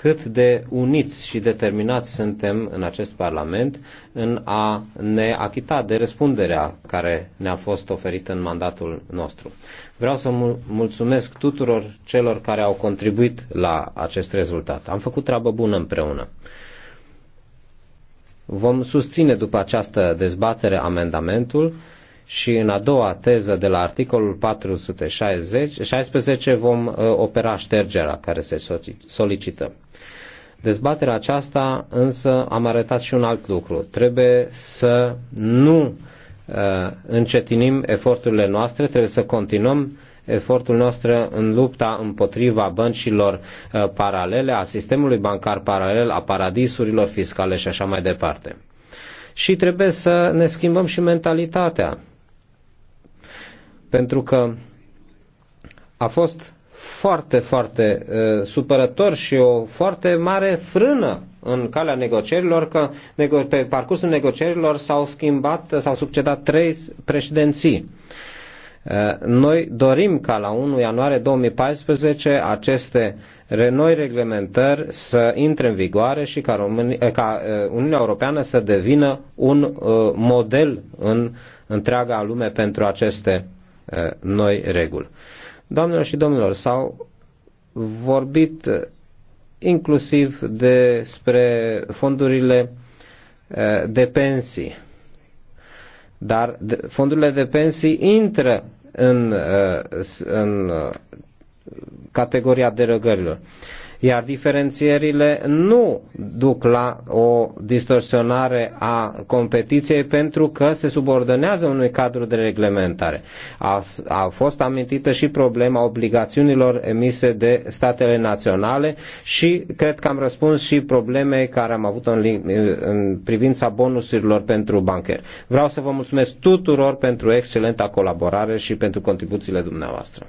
cât de uniți și determinați suntem în acest Parlament în a ne achita de răspunderea care ne-a fost oferită în mandatul nostru. Vreau să mulțumesc tuturor celor care au contribuit la acest rezultat. Am făcut treabă bună împreună. Vom susține după această dezbatere amendamentul și în a doua teză de la articolul 416 vom uh, opera ștergerea care se solicită. Dezbaterea aceasta însă am arătat și un alt lucru. Trebuie să nu uh, încetinim eforturile noastre, trebuie să continuăm efortul nostru în lupta împotriva băncilor uh, paralele, a sistemului bancar paralel, a paradisurilor fiscale și așa mai departe. Și trebuie să ne schimbăm și mentalitatea pentru că a fost foarte, foarte uh, supărător și o foarte mare frână în calea negocierilor, că nego- pe parcursul negocierilor s-au schimbat, s-au succedat trei președinții. noi dorim ca la 1 ianuarie 2014 aceste noi reglementări să intre în vigoare și ca, România, ca Uniunea Europeană să devină un model în întreaga lume pentru aceste Uh, noi reguli. Doamnelor și domnilor, s-au vorbit uh, inclusiv despre fondurile uh, de pensii. Dar fondurile de pensii intră în, în categoria derogărilor iar diferențierile nu duc la o distorsionare a competiției pentru că se subordonează unui cadru de reglementare. A, a fost amintită și problema obligațiunilor emise de statele naționale și cred că am răspuns și problemei care am avut-o în, în privința bonusurilor pentru bancheri. Vreau să vă mulțumesc tuturor pentru excelenta colaborare și pentru contribuțiile dumneavoastră.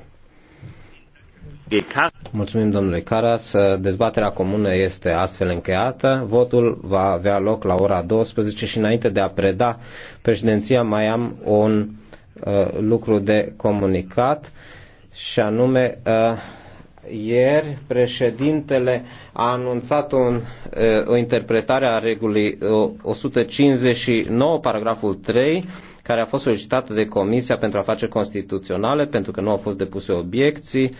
Mulțumim, domnule Caras. Dezbaterea comună este astfel încheiată. Votul va avea loc la ora 12 și înainte de a preda președinția mai am un uh, lucru de comunicat și anume uh, ieri președintele a anunțat un, uh, o interpretare a regulii 159, uh, paragraful 3, care a fost solicitată de Comisia pentru Afaceri Constituționale, pentru că nu au fost depuse obiecții.